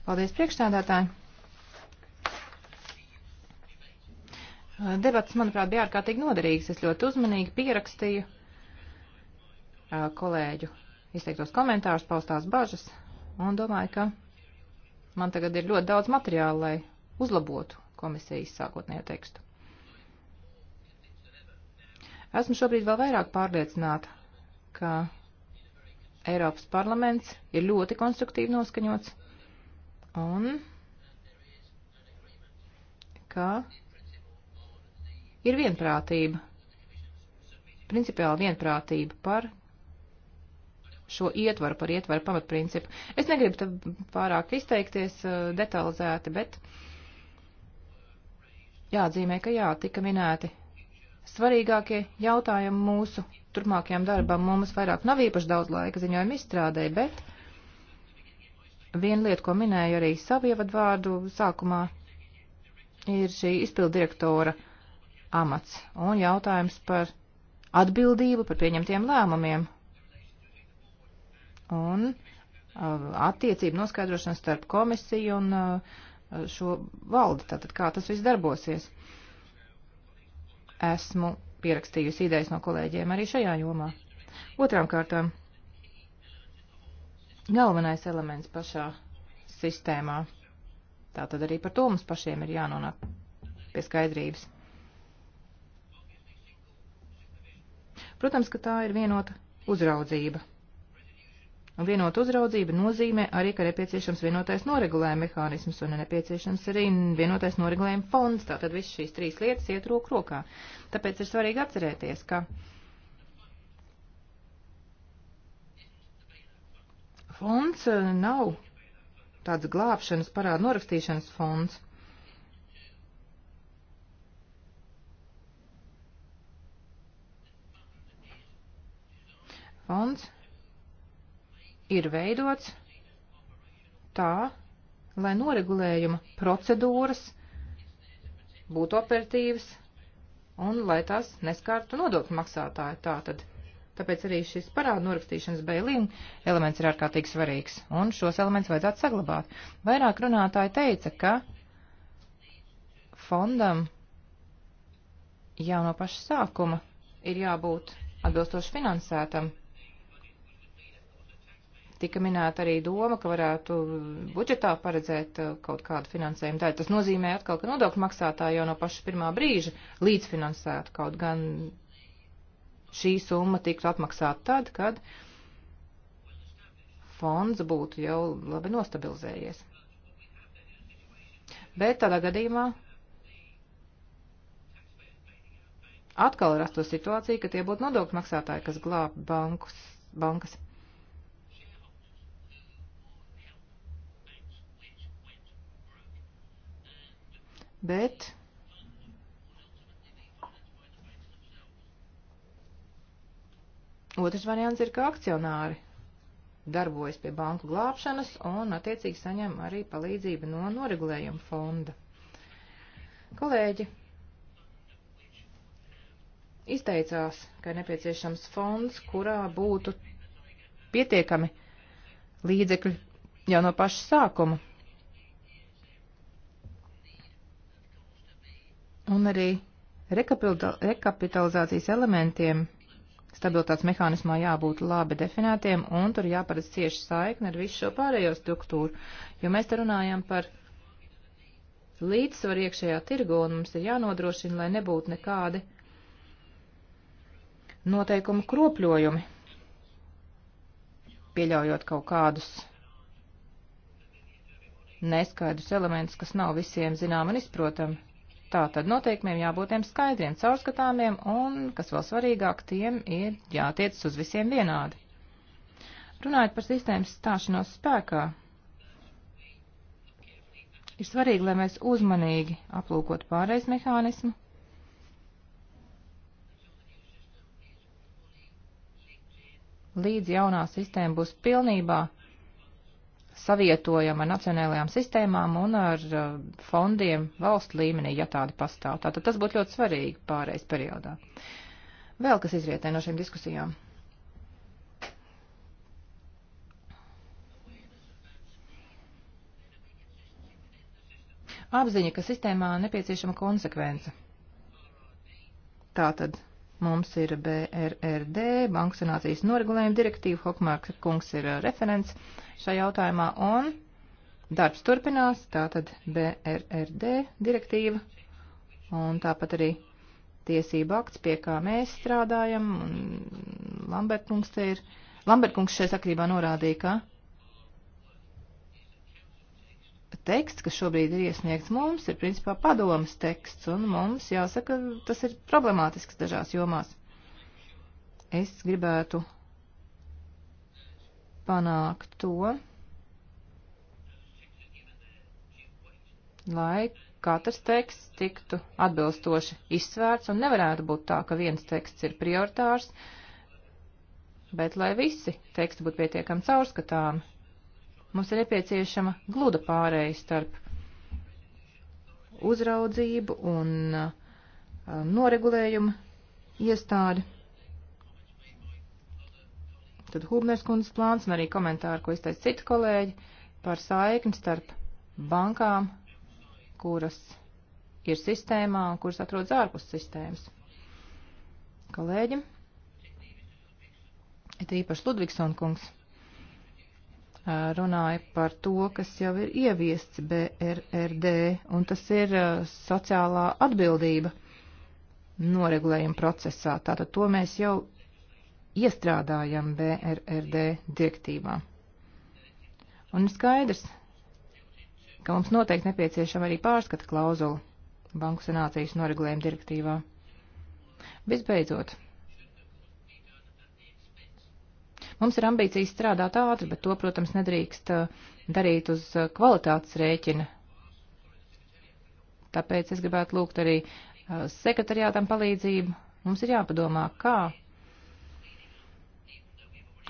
Paldies priekšstādātāji. Debats, manuprāt, bija ārkārtīgi noderīgs. Es ļoti uzmanīgi pierakstīju kolēģu izteiktos komentārus, paustās bažas un domāju, ka man tagad ir ļoti daudz materiāla, lai uzlabotu komisijas sākotnējo tekstu. Esmu šobrīd vēl vairāk pārliecināta, ka Eiropas parlaments ir ļoti konstruktīvi noskaņots un ka ir vienprātība, principiāli vienprātība par šo ietvaru, par ietvaru pamatprincipu. Es negribu te pārāk izteikties uh, detalizēti, bet jāatzīmē, ka jā, tika minēti svarīgākie jautājumi mūsu turpmākajam darbam. Mums vairāk nav īpaši daudz laika ziņojuma izstrādē, bet viena lieta, ko minēju arī savu ievadvārdu sākumā, ir šī izpildirektora amats un jautājums par atbildību par pieņemtiem lēmumiem un uh, attiecību noskaidrošanu starp komisiju un uh, šo valdi, tātad kā tas viss darbosies. Uh, esmu pierakstījusi idejas no kolēģiem arī šajā jomā. Otrām kārtām, galvenais elements pašā sistēmā. Tā tad arī par to mums pašiem ir jānonāk pie skaidrības. Protams, ka tā ir vienota uzraudzība. Un vienot uzraudzība nozīmē arī, ka nepieciešams vienotais noregulējuma mehānisms un nepieciešams arī vienotais noregulējuma fonds. Tātad viss šīs trīs lietas iet roku rokā. Tāpēc ir svarīgi atcerēties, ka fonds eh, nav tāds glābšanas parādu norakstīšanas fonds. Fonds ir veidots tā, lai noregulējuma procedūras būtu operatīvas un lai tās neskārtu nodokļu maksātāju. Tātad, tāpēc arī šis parādu norakstīšanas bailīna elements ir ārkārtīgi svarīgs, un šos elements vajadzētu saglabāt. Vairāk runātāji teica, ka fondam jau no paša sākuma ir jābūt atbilstoši finansētam, Tika minēta arī doma, ka varētu budžetā paredzēt uh, kaut kādu finansējumu. Tātad tas nozīmē atkal, ka nodokļu maksātāji jau no paša pirmā brīža līdzfinansētu kaut gan šī summa tiktu atmaksāta tad, kad fonds būtu jau labi nostabilizējies. Bet tādā gadījumā atkal rastos situācija, ka tie būtu nodokļu maksātāji, kas glāb bankus, bankas. bet otrs variants ir, ka akcionāri darbojas pie banku glābšanas un attiecīgi saņem arī palīdzību no noregulējuma fonda. Kolēģi izteicās, ka ir nepieciešams fonds, kurā būtu pietiekami līdzekļi jau no paša sākuma. un arī rekapitalizācijas elementiem stabilitātes mehānismā jābūt labi definētiem, un tur jāparedz cieši saikni ar visu šo pārējo struktūru, jo mēs te runājam par līdzsvaru iekšējā tirgu, un mums ir jānodrošina, lai nebūtu nekādi noteikumu kropļojumi, pieļaujot kaut kādus neskaidrus elementus, kas nav visiem zinām un izprotami. Tā tad noteikumiem jābūt tiem skaidriem, caurskatāmiem un, kas vēl svarīgāk, tiem ir jātiec uz visiem vienādi. Runājot par sistēmas stāšanos spēkā, ir svarīgi, lai mēs uzmanīgi aplūkot pārējais mehānismu. Līdz jaunā sistēma būs pilnībā savietojama ar nacionālajām sistēmām un ar uh, fondiem valstu līmenī, ja tādi pastāv. Tātad tas būtu ļoti svarīgi pārējais periodā. Vēl kas izrietē no šīm diskusijām? Apziņa, ka sistēmā nepieciešama konsekvence. Tātad Mums ir BRRD, banksanācijas noregulējuma direktīva, Hokmārka kungs ir uh, referents šajā jautājumā, un darbs turpinās, tātad BRRD direktīva, un tāpat arī tiesība akts, pie kā mēs strādājam, un Lambert kungs te ir. Lambert kungs šajā sakrībā norādīja, ka teksts, kas šobrīd ir iesniegts mums, ir principā padomas teksts, un mums jāsaka, tas ir problemātisks dažās jomās. Es gribētu panākt to, lai katrs teksts tiktu atbilstoši izsvērts, un nevarētu būt tā, ka viens teksts ir prioritārs, bet lai visi teksti būtu pietiekami caurskatāmi Mums ir nepieciešama gluda pārēja starp uzraudzību un uh, noregulējumu iestādi. Tad Hubners kundzes plāns un arī komentāri, ko izteica citi kolēģi par saikni starp bankām, kuras ir sistēmā un kuras atrodas ārpus sistēmas. Kolēģi, ir īpaši Ludvigsson kungs runāja par to, kas jau ir ieviests BRRD, un tas ir sociālā atbildība noregulējuma procesā. Tātad to mēs jau iestrādājam BRRD direktīvā. Un ir skaidrs, ka mums noteikti nepieciešama arī pārskata klauzula Banku sanācijas noregulējuma direktīvā. Visbeidzot, Mums ir ambīcijas strādāt ātri, bet to, protams, nedrīkst eh, darīt uz eh, kvalitātes rēķina. Tāpēc es gribētu lūgt arī eh, sekretariātam palīdzību. Mums ir jāpadomā, kā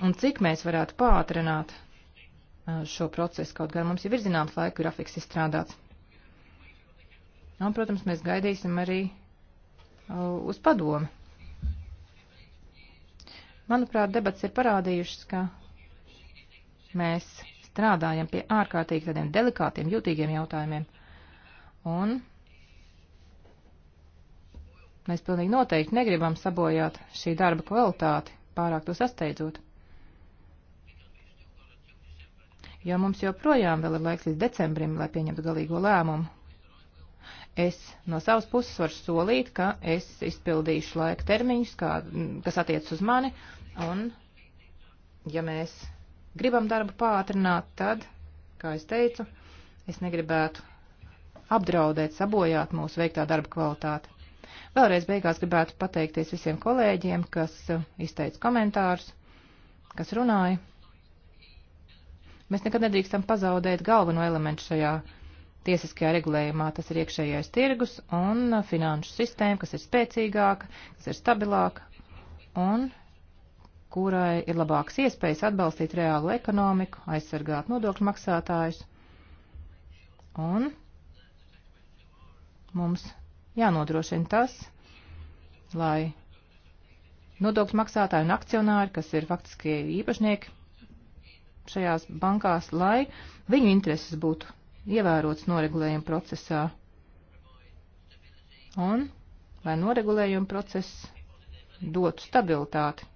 un cik mēs varētu pātrināt šo procesu, kaut gan mums jau ir zināms laika grafiks izstrādāts. Un, protams, mēs gaidīsim arī uz padomi. Manuprāt, debats ir parādījušas, ka mēs strādājam pie ārkārtīgi tādiem delikātiem, jūtīgiem jautājumiem. Un mēs pilnīgi noteikti negribam sabojāt šī darba kvalitāti, pārāk to sasteidzot. Jo mums joprojām vēl ir laiks līdz decembrim, lai pieņemtu galīgo lēmumu. Es no savas puses varu solīt, ka es izpildīšu laika termiņus, kā, kas attiec uz mani, uh, Un, ja mēs gribam darbu pātrināt, tad, kā es teicu, es negribētu apdraudēt, sabojāt mūsu veiktā darba kvalitāti. Vēlreiz beigās gribētu pateikties visiem kolēģiem, kas uh, izteica komentārus, kas runāja. Mēs nekad nedrīkstam pazaudēt galveno elementu šajā tiesiskajā regulējumā. Tas ir iekšējais tirgus un uh, finanšu sistēma, kas ir spēcīgāka, kas ir stabilāka. Un kurai ir labāks iespējas atbalstīt reālu ekonomiku, aizsargāt nodokļu maksātājus. Un mums jānodrošina tas, lai nodokļu maksātāji un akcionāri, kas ir faktiski īpašnieki šajās bankās, lai viņu intereses būtu ievērots noregulējuma procesā. Un lai noregulējuma process dotu stabilitāti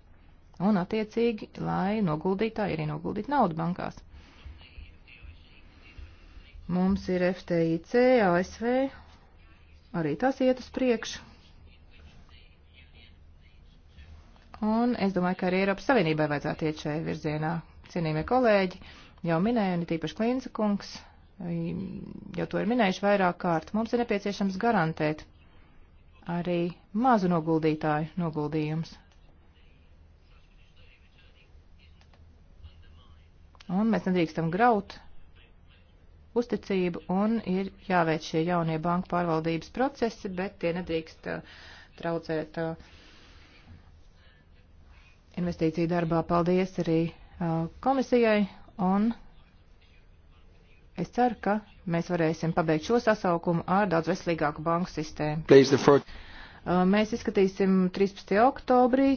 un attiecīgi, lai noguldītāji arī noguldītu naudu bankās. Mums ir FTIC, ASV, arī tas iet uz priekšu. Un es domāju, ka arī Eiropas Savienībai vajadzētu iet šajā virzienā. Cienījamie kolēģi jau minēja, un tīpaši Klīnsa kungs hm, jau to ir minējuši vairāk kārt. Mums ir nepieciešams garantēt arī mazu noguldītāju noguldījums Un mēs nedrīkstam graut uzticību un ir jāveic šie jaunie banku pārvaldības procesi, bet tie nedrīkst uh, traucēt uh, investīciju darbā. Paldies arī uh, komisijai un es ceru, ka mēs varēsim pabeigt šo sasaukumu ar daudz veselīgāku banku sistēmu. Mēs izskatīsim 13. oktobrī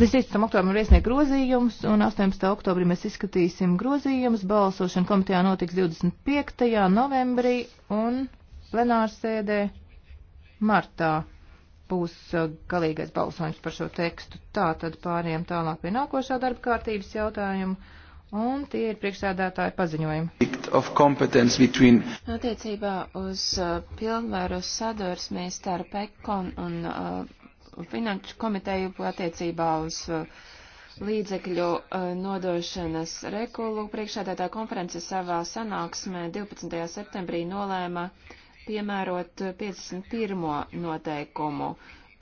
Līdz 16. oktobrim ir iesniegt grozījums, un 18. oktobrī mēs izskatīsim grozījumus. Balsošana komitejā notiks 25. novembrī, un plenārsēdē martā būs uh, galīgais balsojums par šo tekstu. Tā tad pāriem tālāk pie nākošā darba kārtības jautājumu, un tie ir priekšsēdētāji paziņojumi. Between... Attiecībā uz uh, pilnvaru sadursmē starp ekon un uh, finanšu komiteju attiecībā uz uh, līdzekļu uh, nodošanas regulu. Priekšādātā konference savā sanāksmē 12. septembrī nolēma piemērot 51. noteikumu,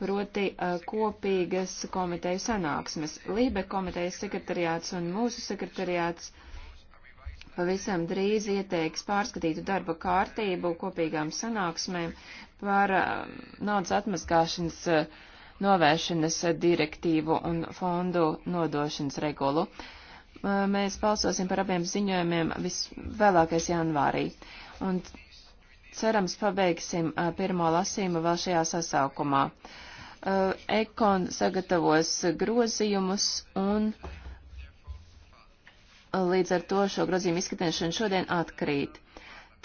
proti uh, kopīgas komiteju sanāksmes. Lībe komitejas sekretariāts un mūsu sekretariāts pavisam drīz ieteiks pārskatītu darba kārtību kopīgām sanāksmēm par um, naudas atmaskāšanas novēršanas direktīvu un fondu nodošanas regulu. Mēs balsosim par abiem ziņojumiem visvēlākais janvārī. Un cerams pabeigsim pirmo lasījumu vēl šajā sasaukumā. Ekon sagatavos grozījumus un līdz ar to šo grozījumu izskatīšana šodien atkrīt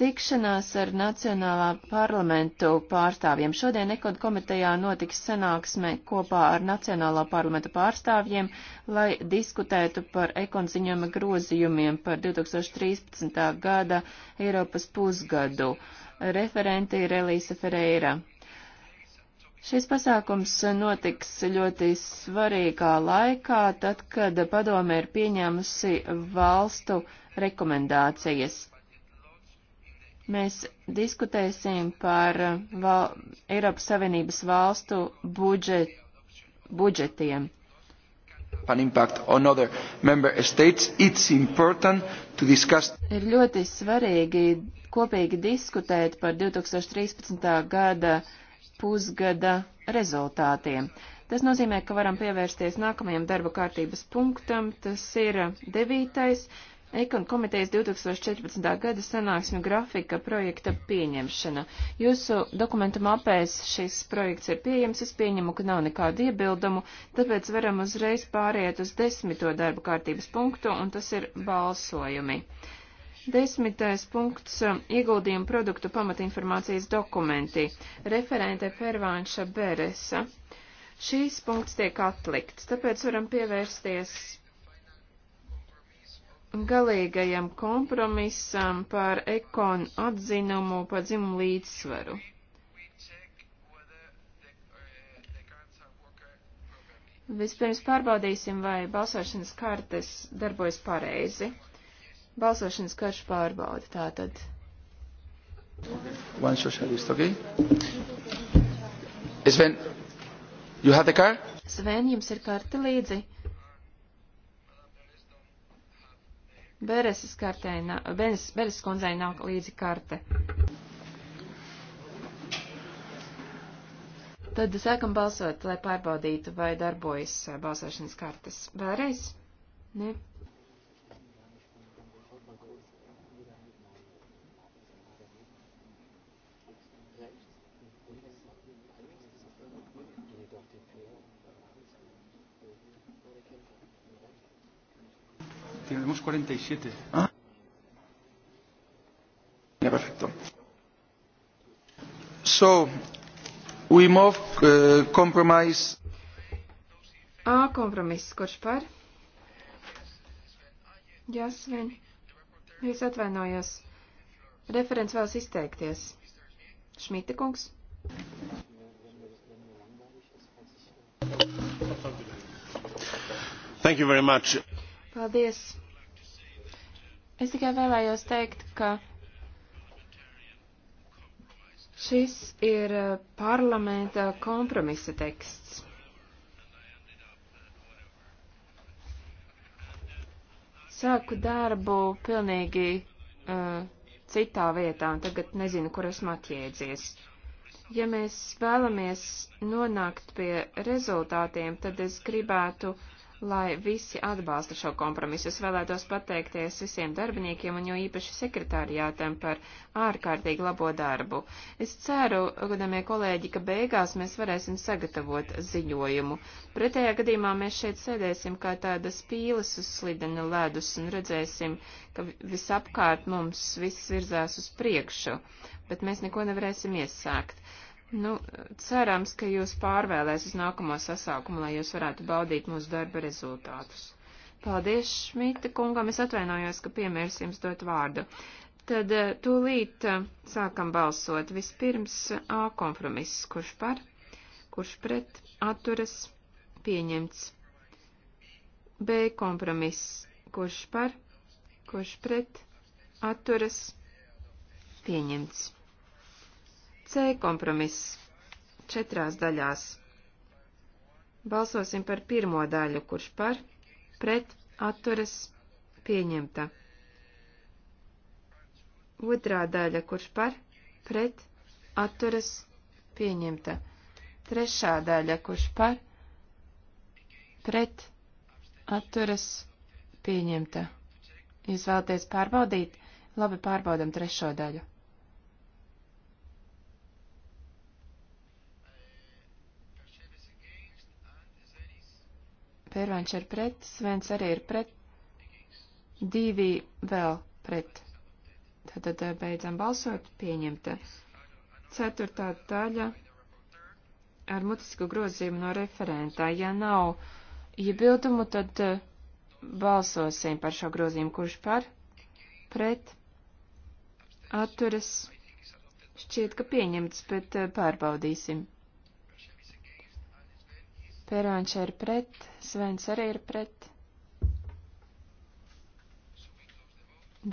tikšanās ar Nacionālā parlamentu pārstāvjiem. Šodien Ekon komitejā notiks sanāksme kopā ar Nacionālā parlamenta pārstāvjiem, lai diskutētu par Ekon ziņojuma grozījumiem par 2013. gada Eiropas pusgadu. Referenti ir Elīsa Ferreira. Šis pasākums notiks ļoti svarīgā laikā, tad, kad padome ir pieņēmusi valstu rekomendācijas. Mēs diskutēsim par uh, val, Eiropas Savienības valstu budžet, budžetiem. Discuss... Ir ļoti svarīgi kopīgi diskutēt par 2013. gada pusgada rezultātiem. Tas nozīmē, ka varam pievērsties nākamajam darba kārtības punktam. Tas ir devītais Ekon komitejas 2014. gada sanāksmi grafika projekta pieņemšana. Jūsu dokumentu mapēs šis projekts ir pieejams, es pieņemu, ka nav nekādu iebildumu, tāpēc varam uzreiz pāriet uz desmito darba kārtības punktu, un tas ir balsojumi. Desmitais punkts - ieguldījumu produktu pamatinformācijas dokumenti. Referente Pervānša Beresa. Šīs punkts tiek atlikts, tāpēc varam pievērsties galīgajam kompromisam par ekonu atzinumu par dzimumu līdzsvaru. Vispirms pārbaudīsim, vai balsošanas kartes darbojas pareizi. Balsošanas karš pārbauda tātad. One socialist, okay? Sven, you have the car? Sven, jums ir karte līdzi? Bereses kartei, Bereses, Bereses kundzei nav līdzi karte. Tad sākam balsot, lai pārbaudītu, vai darbojas eh, balsošanas kartes. Vēlreiz? Ne? 247. Ah. Ya, perfecto. So, we move uh, compromise. A kompromiss, kurš par? Jāsvien. Es atvainojos. Referents vēlas izteikties. Šmita kungs. Thank you very much. Paldies. Es tikai vēlējos teikt, ka šis ir eh, parlamenta kompromisa teksts. Sāku darbu pilnīgi uh, citā vietā, un tagad nezinu, kur esmu atjēdzies. Ja mēs vēlamies nonākt pie rezultātiem, tad es gribētu uh, lai visi atbalsta šo kompromisu. Es vēlētos pateikties visiem darbiniekiem un jo īpaši sekretārijātam par ārkārtīgi labo darbu. Es ceru, godamie kolēģi, ka beigās mēs varēsim sagatavot ziņojumu. Pretējā gadījumā mēs šeit sēdēsim kā tādas pīles uz slidena ledus un redzēsim, ka visapkārt mums viss virzās uz priekšu, bet mēs neko nevarēsim iesākt. Nu, cerams, ka jūs pārvēlēs uz nākamo sasaukumu, lai jūs varētu baudīt mūsu darba rezultātus. Paldies, Šmita kungam, es atvainojos, ka piemērs jums dot vārdu. Tad eh, tūlīt eh, sākam balsot. Vispirms A kompromiss, kurš par, kurš pret, atturas, pieņemts. B kompromiss, kurš par, kurš pret, atturas, pieņemts. C kompromiss četrās daļās. Balsosim par pirmo daļu, kurš par, pret, atturas, pieņemta. Otrā daļa, kurš par, pret, atturas, pieņemta. Trešā daļa, kurš par, pret, atturas, pieņemta. Jūs vēlaties pārbaudīt? Labi, pārbaudam trešo daļu. Pērvanš ir pret, Svens arī ir pret, divi vēl pret. Tātad eh, beidzam balsot, pieņemta. Ceturtā daļa ar mutisku grozījumu no referentā. Ja nav iebildumu, ja tad eh, balsosim par šo grozījumu, kurš par, pret, atturas. Šķiet, ka pieņemts, bet eh, pārbaudīsim. Pērāņš ir pret, Svens arī ir pret.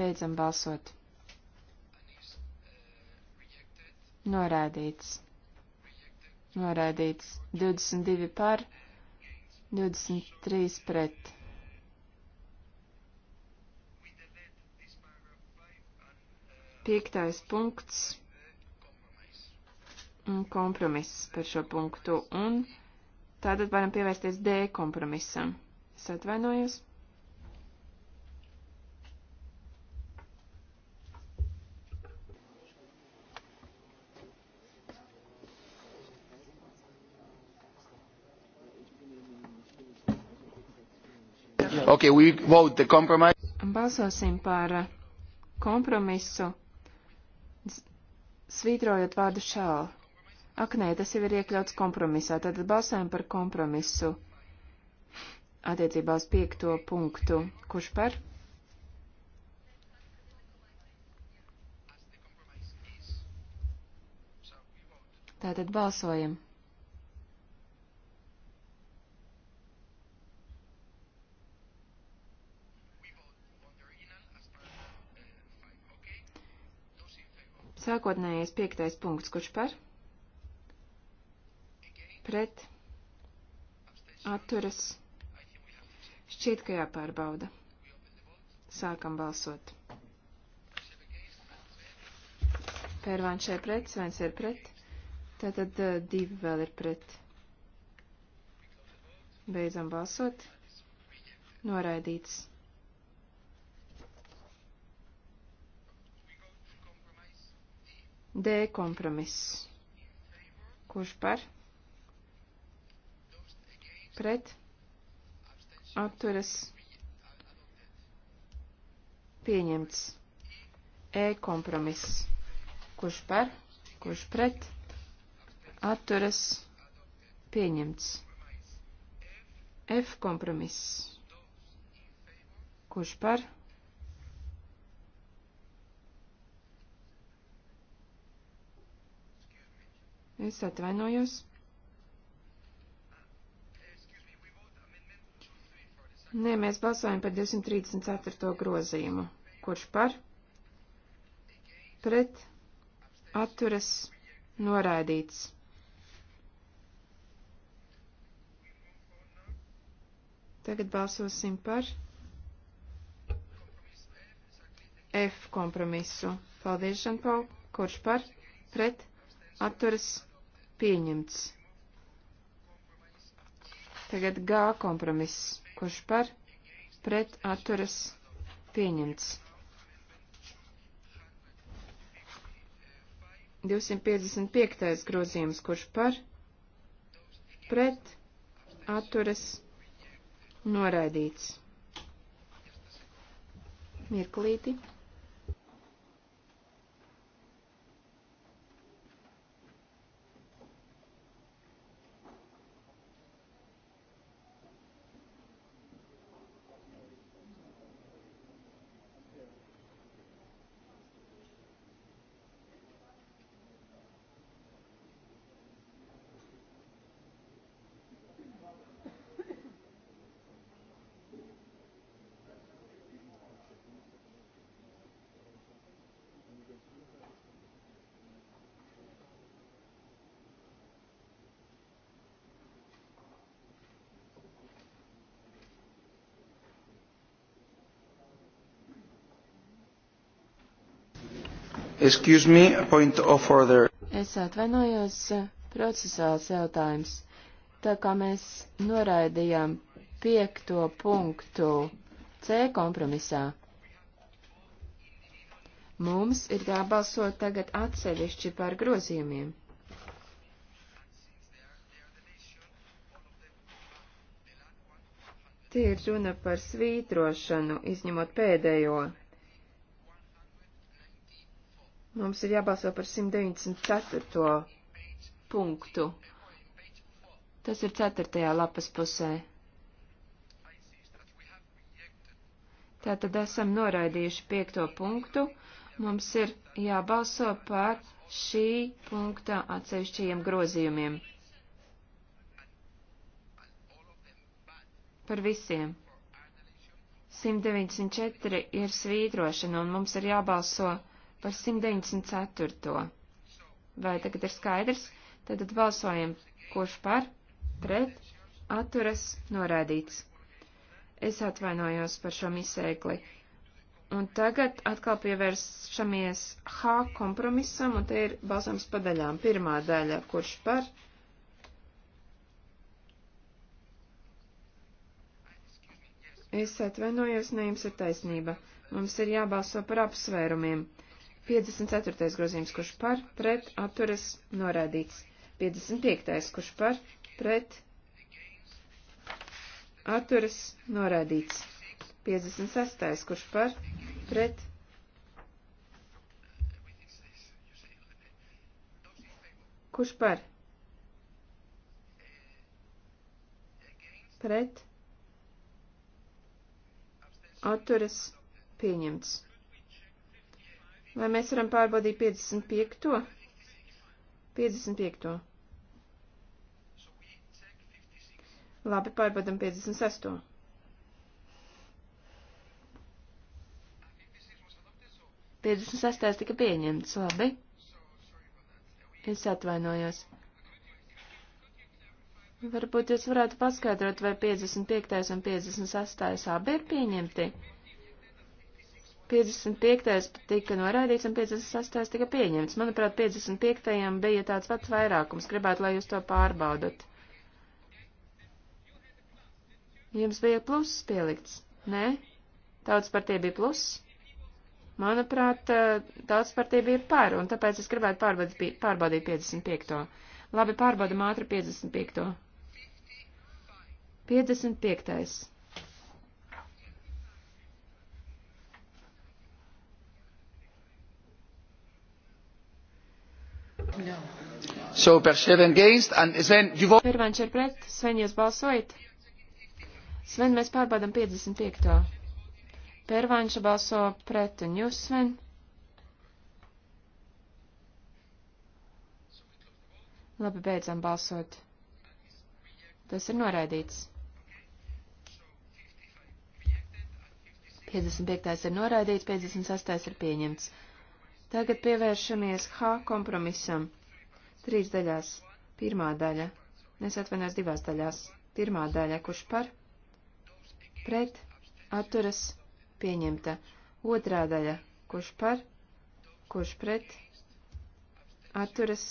Beidzam balsot. Norādīts. Norādīts. 22 par, 23 pret. Piektais punkts. Un kompromiss par šo punktu. Un Tātad varam pievērsties D kompromisam. Es atvainojos. Okay, we vote the compromise. Balsosim par uh, kompromisu, svītrojot vārdu šālu. Ak, nē, tas jau ir iekļauts kompromisā, tātad balsojam par kompromisu attiecībā uz piekto punktu. Kurš par? Tātad balsojam. Sākotnējais piektais punkts, kurš par? pret atturas šķiet, ka jāpārbauda. Sākam balsot. Pērvāns šai pret, Svens ir pret, tātad eh, divi vēl ir pret. Beidzam balsot. Noraidīts. D kompromiss. Kurš par? pret atturas pieņemts. E kompromiss. Kurš par, kurš pret atturas pieņemts. F kompromiss. Kurš par? Es atvainojos. Nē, mēs balsojam par 234. grozījumu. Kurš par? Pret atturas noraidīts. Tagad balsosim par F kompromisu. Paldies, Žanpau. Kurš par? Pret atturas pieņemts. Tagad G kompromiss kurš par pret atturas pieņemts. 255. grozījums, kurš par pret atturas noraidīts. Mirklīti. Excuse me, point of order. Es atvainojos, procesuāls jautājums. Tā kā mēs noraidījām piekto punktu C kompromisā, mums ir jābalso tagad atsevišķi par grozījumiem. Tie ir runa par svītrošanu, izņemot pēdējo Mums ir jābalso par 194. punktu. Tas ir 4. lapas pusē. Tātad esam noraidījuši 5. punktu. Mums ir jābalso par šī punkta atsevišķajiem grozījumiem. Par visiem. 194 ir svītrošana, un mums ir jābalso par 194. Vai tagad ir skaidrs? Tad balsojam, kurš par, pret, atturas, norādīts. Es atvainojos par šo misēkli. Un tagad atkal pievēršamies H kompromisam, un te ir balsams pa daļām. Pirmā daļa, kurš par, Es atvainojos, ne jums ir taisnība. Mums ir jābalso par apsvērumiem. 54. grozījums, kurš par, pret, atturas, norādīts. 55. kurš par, pret, atturas, norādīts. 56. kurš par, pret, kurš par, pret, atturas, pieņemts. Vai mēs varam pārbaudīt 55. To? 55. To. Labi, pārbaudam 56. Piecdesmit sestais tika pieņemts, labi. Es atvainojos. Varbūt jūs varētu paskaidrot, vai 55. un 56. abi ir pieņemti? 55. tika noraidīts un 56. tika pieņemts. Manuprāt, 55. bija tāds pats vairākums. Gribētu, lai jūs to pārbaudat. Jums bija pluss pielikts? Nē? Tautas partija bija pluss? Manuprāt, eh, tautas partija bija par, un tāpēc es gribētu pārbaudīt, pārbaudīt 55. Labi, pārbaudam ātri 55. 55. No. So par Ševen against and Sven, you vote. Pervanš ir pret. Sven, jūs balsojat? Sven, mēs pārbaudam 55. Pervanš balso pret un jūs, Sven? Labi, beidzam balsot. Tas ir noraidīts. 55. ir noraidīts, 56. ir pieņemts. Tagad pievēršamies H kompromisam. Trīs daļās. Pirmā daļa. Es atvainojos divās daļās. Pirmā daļa, kurš par, pret, atturas, pieņemta. Otrā daļa, kurš par, kurš pret, atturas,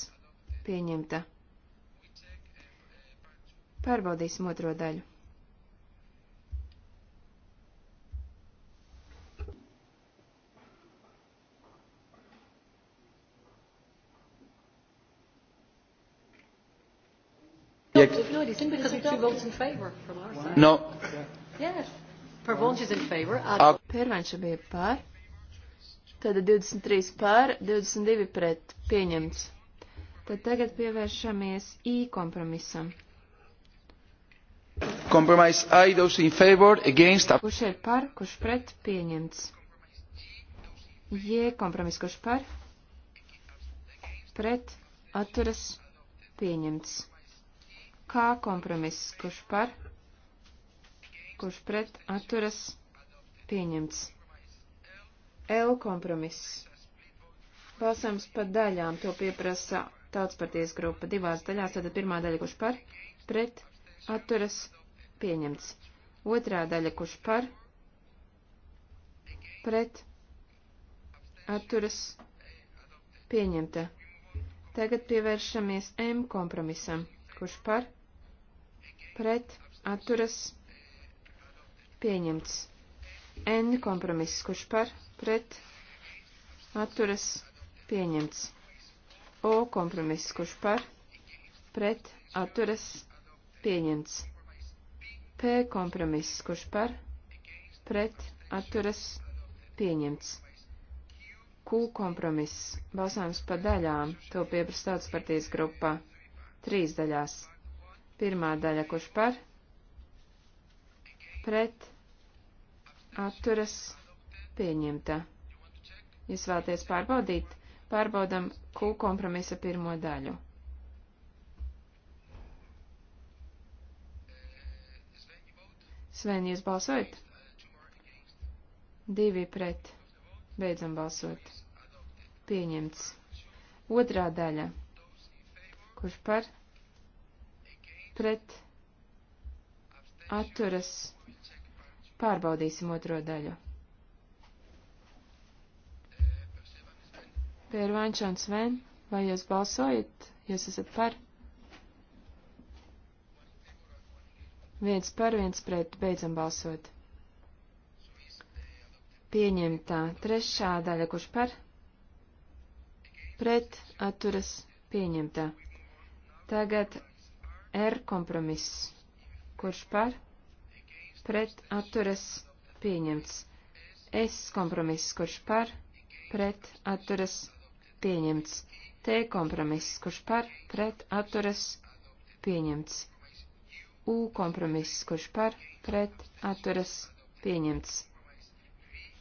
pieņemta. Pārbaudīsim otro daļu. already seen because we two votes in favour from our side. Eh? No. Yes. Pervenche is in favour. Uh, uh, Pervenche bija par. Tātad 23 pār, 22 pret pieņemts. Tad tagad pievēršamies I kompromisam. Compromise I, those in favor, against. Kurš ir par, kurš pret pieņemts? J kompromis, kurš par, pret atturas pieņemts. Kā kompromiss, kurš par, kurš pret atturas pieņemts. L kompromiss. Balsams pa daļām, to pieprasa tautspartijas grupa divās daļās, tātad pirmā daļa, kurš par, pret, atturas, pieņemts. Otrā daļa, kurš par, pret, atturas, pieņemta. Tagad pievēršamies M kompromisam, kurš par, pret pret atturas pieņemts. N kompromiss, kurš par pret atturas pieņemts. O kompromiss, kurš par pret atturas pieņemts. P kompromiss, kurš par pret atturas pieņemts. Q kompromiss, balsājums pa daļām, to pieprasa tautas partijas grupā, trīs daļās. Pirmā daļa, kurš par, pret, atturas, pieņemta. Jūs vēlaties pārbaudīt? Pārbaudam Q kompromisa pirmo daļu. Sven, jūs balsojat? Divi pret. Beidzam balsot. Pieņemts. Otrā daļa. Kurš par? pret atturas pārbaudīsim otro daļu. Pērvanš un Sven, vai jūs balsojat? Jūs esat par? Viens par, viens pret, beidzam balsot. Pieņemtā trešā daļa, kurš par? Pret, atturas, pieņemtā. Tagad R kompromiss. Kurš par? Pret atturas pieņemts. S kompromiss. Kurš par? Pret atturas pieņemts. T kompromiss. Kurš par? Pret atturas pieņemts. U kompromiss. Kurš par? Pret atturas pieņemts.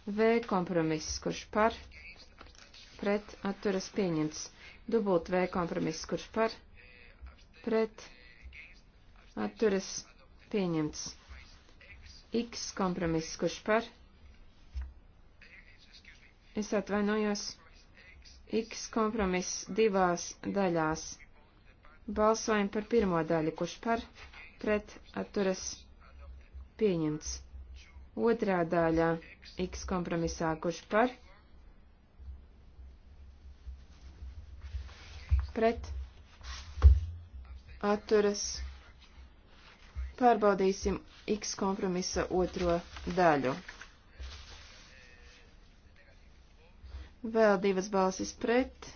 V kompromiss. Kurš par? Pret atturas pieņemts. Dubult V kompromiss. Kurš par? Pret atturas pieņemts. X kompromiss, kurš par? Es atvainojos. X kompromiss divās daļās. Balsojam par pirmo daļu, kurš par pret atturas pieņemts. Otrā daļā X kompromisā, kurš par pret atturas pieņemts Pārbaudīsim X kompromisa otro daļu. Vēl divas balsis pret.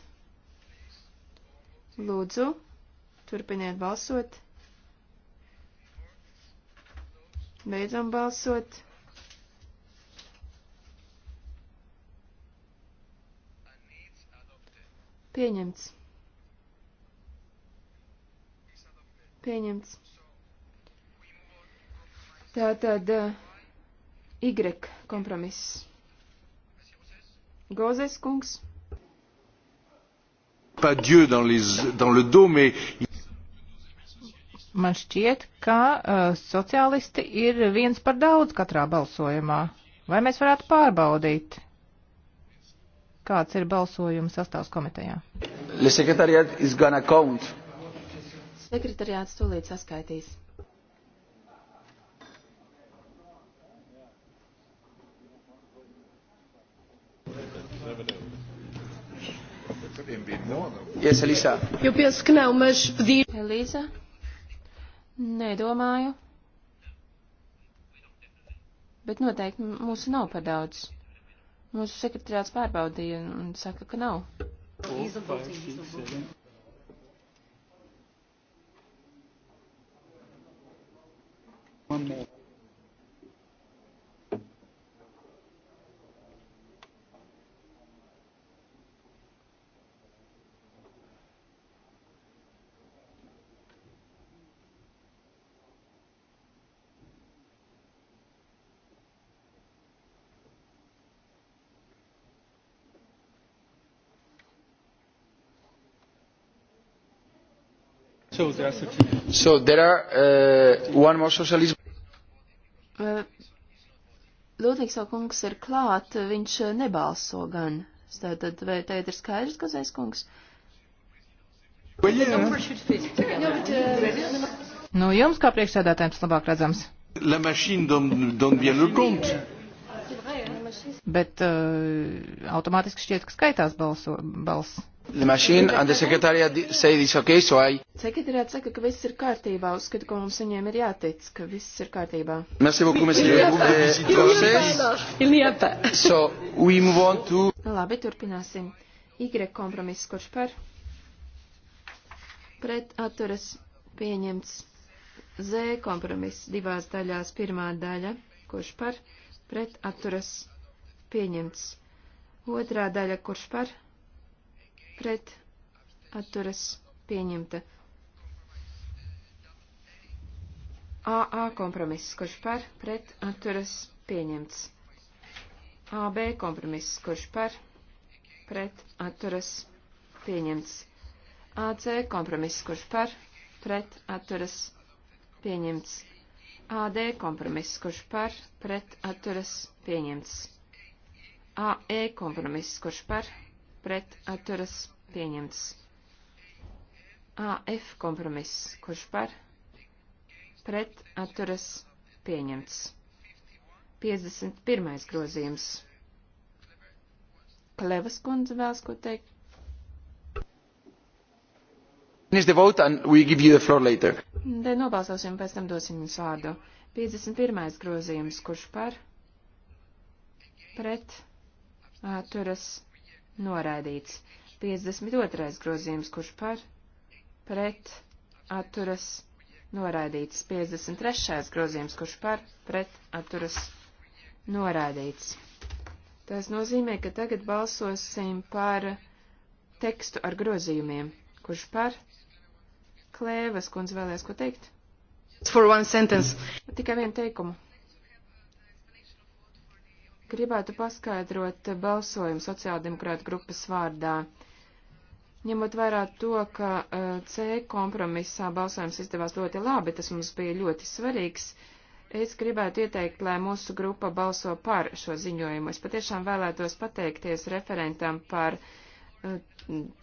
Lūdzu, turpiniet balsot. Beidzam balsot. Pieņemts. Pieņemts. Tātad uh, Y kompromiss. Gozes kungs. Pas Dieu dans, les, dans le dos, mais man šķiet, ka uh, sociālisti ir viens par daudz katrā balsojumā. Vai mēs varētu pārbaudīt, kāds ir balsojuma sastāvs komitejā? Sekretariāts tūlīt saskaitīs. Yes, Elisa. Eu penso que não, mas pedir. Elisa? Nedomāju. Bet noteikti mūsu nav par daudz. Mūsu sekretariāts pārbaudīja un saka, ka nav. One more. So there are, 13. so there are uh, one more socialist. Uh, Lūdīgso kungs ir klāt, viņš uh, nebalso gan. Tātad, vai tagad ir skaidrs, Gozais kungs? Well, yeah. Nu, jums kā priekšsēdētājiem labāk redzams. La machine donne don bien le compte. Bet uh, automātiski šķiet, ka skaitās balso, balss. The machine and the secretariat say this okay, so I... Sekretariāt saka, ka viss ir kārtībā. Uzskatu, ka mums viņiem ir jātic, ka viss ir kārtībā. Merci beaucoup, monsieur. Il n'y a pas. So, we move on to... Nu labi, turpināsim. Y kompromiss, kurš par? Pret atturas pieņemts. Z kompromiss divās daļās. Pirmā daļa, kurš par? Pret atturas pieņemts. Otrā daļa, kurš par? pret atturas pieņemta. AA kompromiss, kurš par pret atturas pieņemts. AB kompromiss, kurš par pret atturas pieņemts. AC kompromiss, kurš par pret atturas pieņemts. AD kompromiss, kurš par pret atturas pieņemts. AE kompromiss, kurš par pret atturas pieņemts. AF kompromiss, kurš par pret atturas pieņemts. 51. grozījums. Klevas kundze vēlas ko teikt. Finish the vote and we give you the floor later. Te nobalsosim, pēc tam dosim jums vārdu. 51. grozījums, kurš par pret atturas pieņemts noraidīts. 52. grozījums, kurš par, pret, atturas, noraidīts. 53. grozījums, kurš par, pret, atturas, noraidīts. Tas nozīmē, ka tagad balsosim par tekstu ar grozījumiem. Kurš par? Klēvas kundze vēlēs ko teikt? Tikai vienu teikumu. Gribētu paskaidrot balsojumu sociāldemokrāta grupas vārdā. Ņemot vērā to, ka eh, C kompromisā balsojums izdevās ļoti labi, tas mums bija ļoti svarīgs, es gribētu ieteikt, lai mūsu grupa balso par šo ziņojumu. Es patiešām vēlētos pateikties referentam par eh,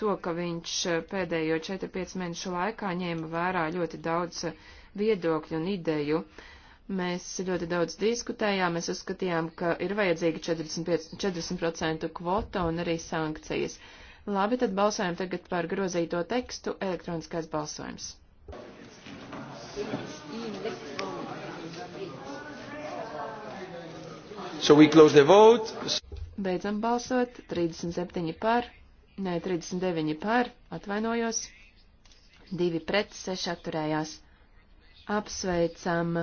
to, ka viņš pēdējo 4-5 mēnešu laikā ņēma vērā ļoti daudz viedokļu un ideju. Uh, Mēs ļoti daudz diskutējām, mēs uzskatījām, ka ir vajadzīga 45, 40% kvota un arī sankcijas. Labi, tad balsojam tagad par grozīto tekstu elektroniskais balsojums. So we close the vote. Beidzam balsot. 37 par, nē, 39 par, atvainojos. 2 pret, 6 atturējās. Apsveicam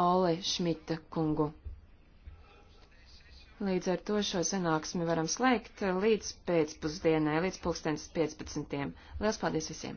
Ole Šmita kungu. Līdz ar to šo sanāksmi varam slēgt līdz pēcpusdienai, līdz pulkstens 15. Lielas paldies visiem!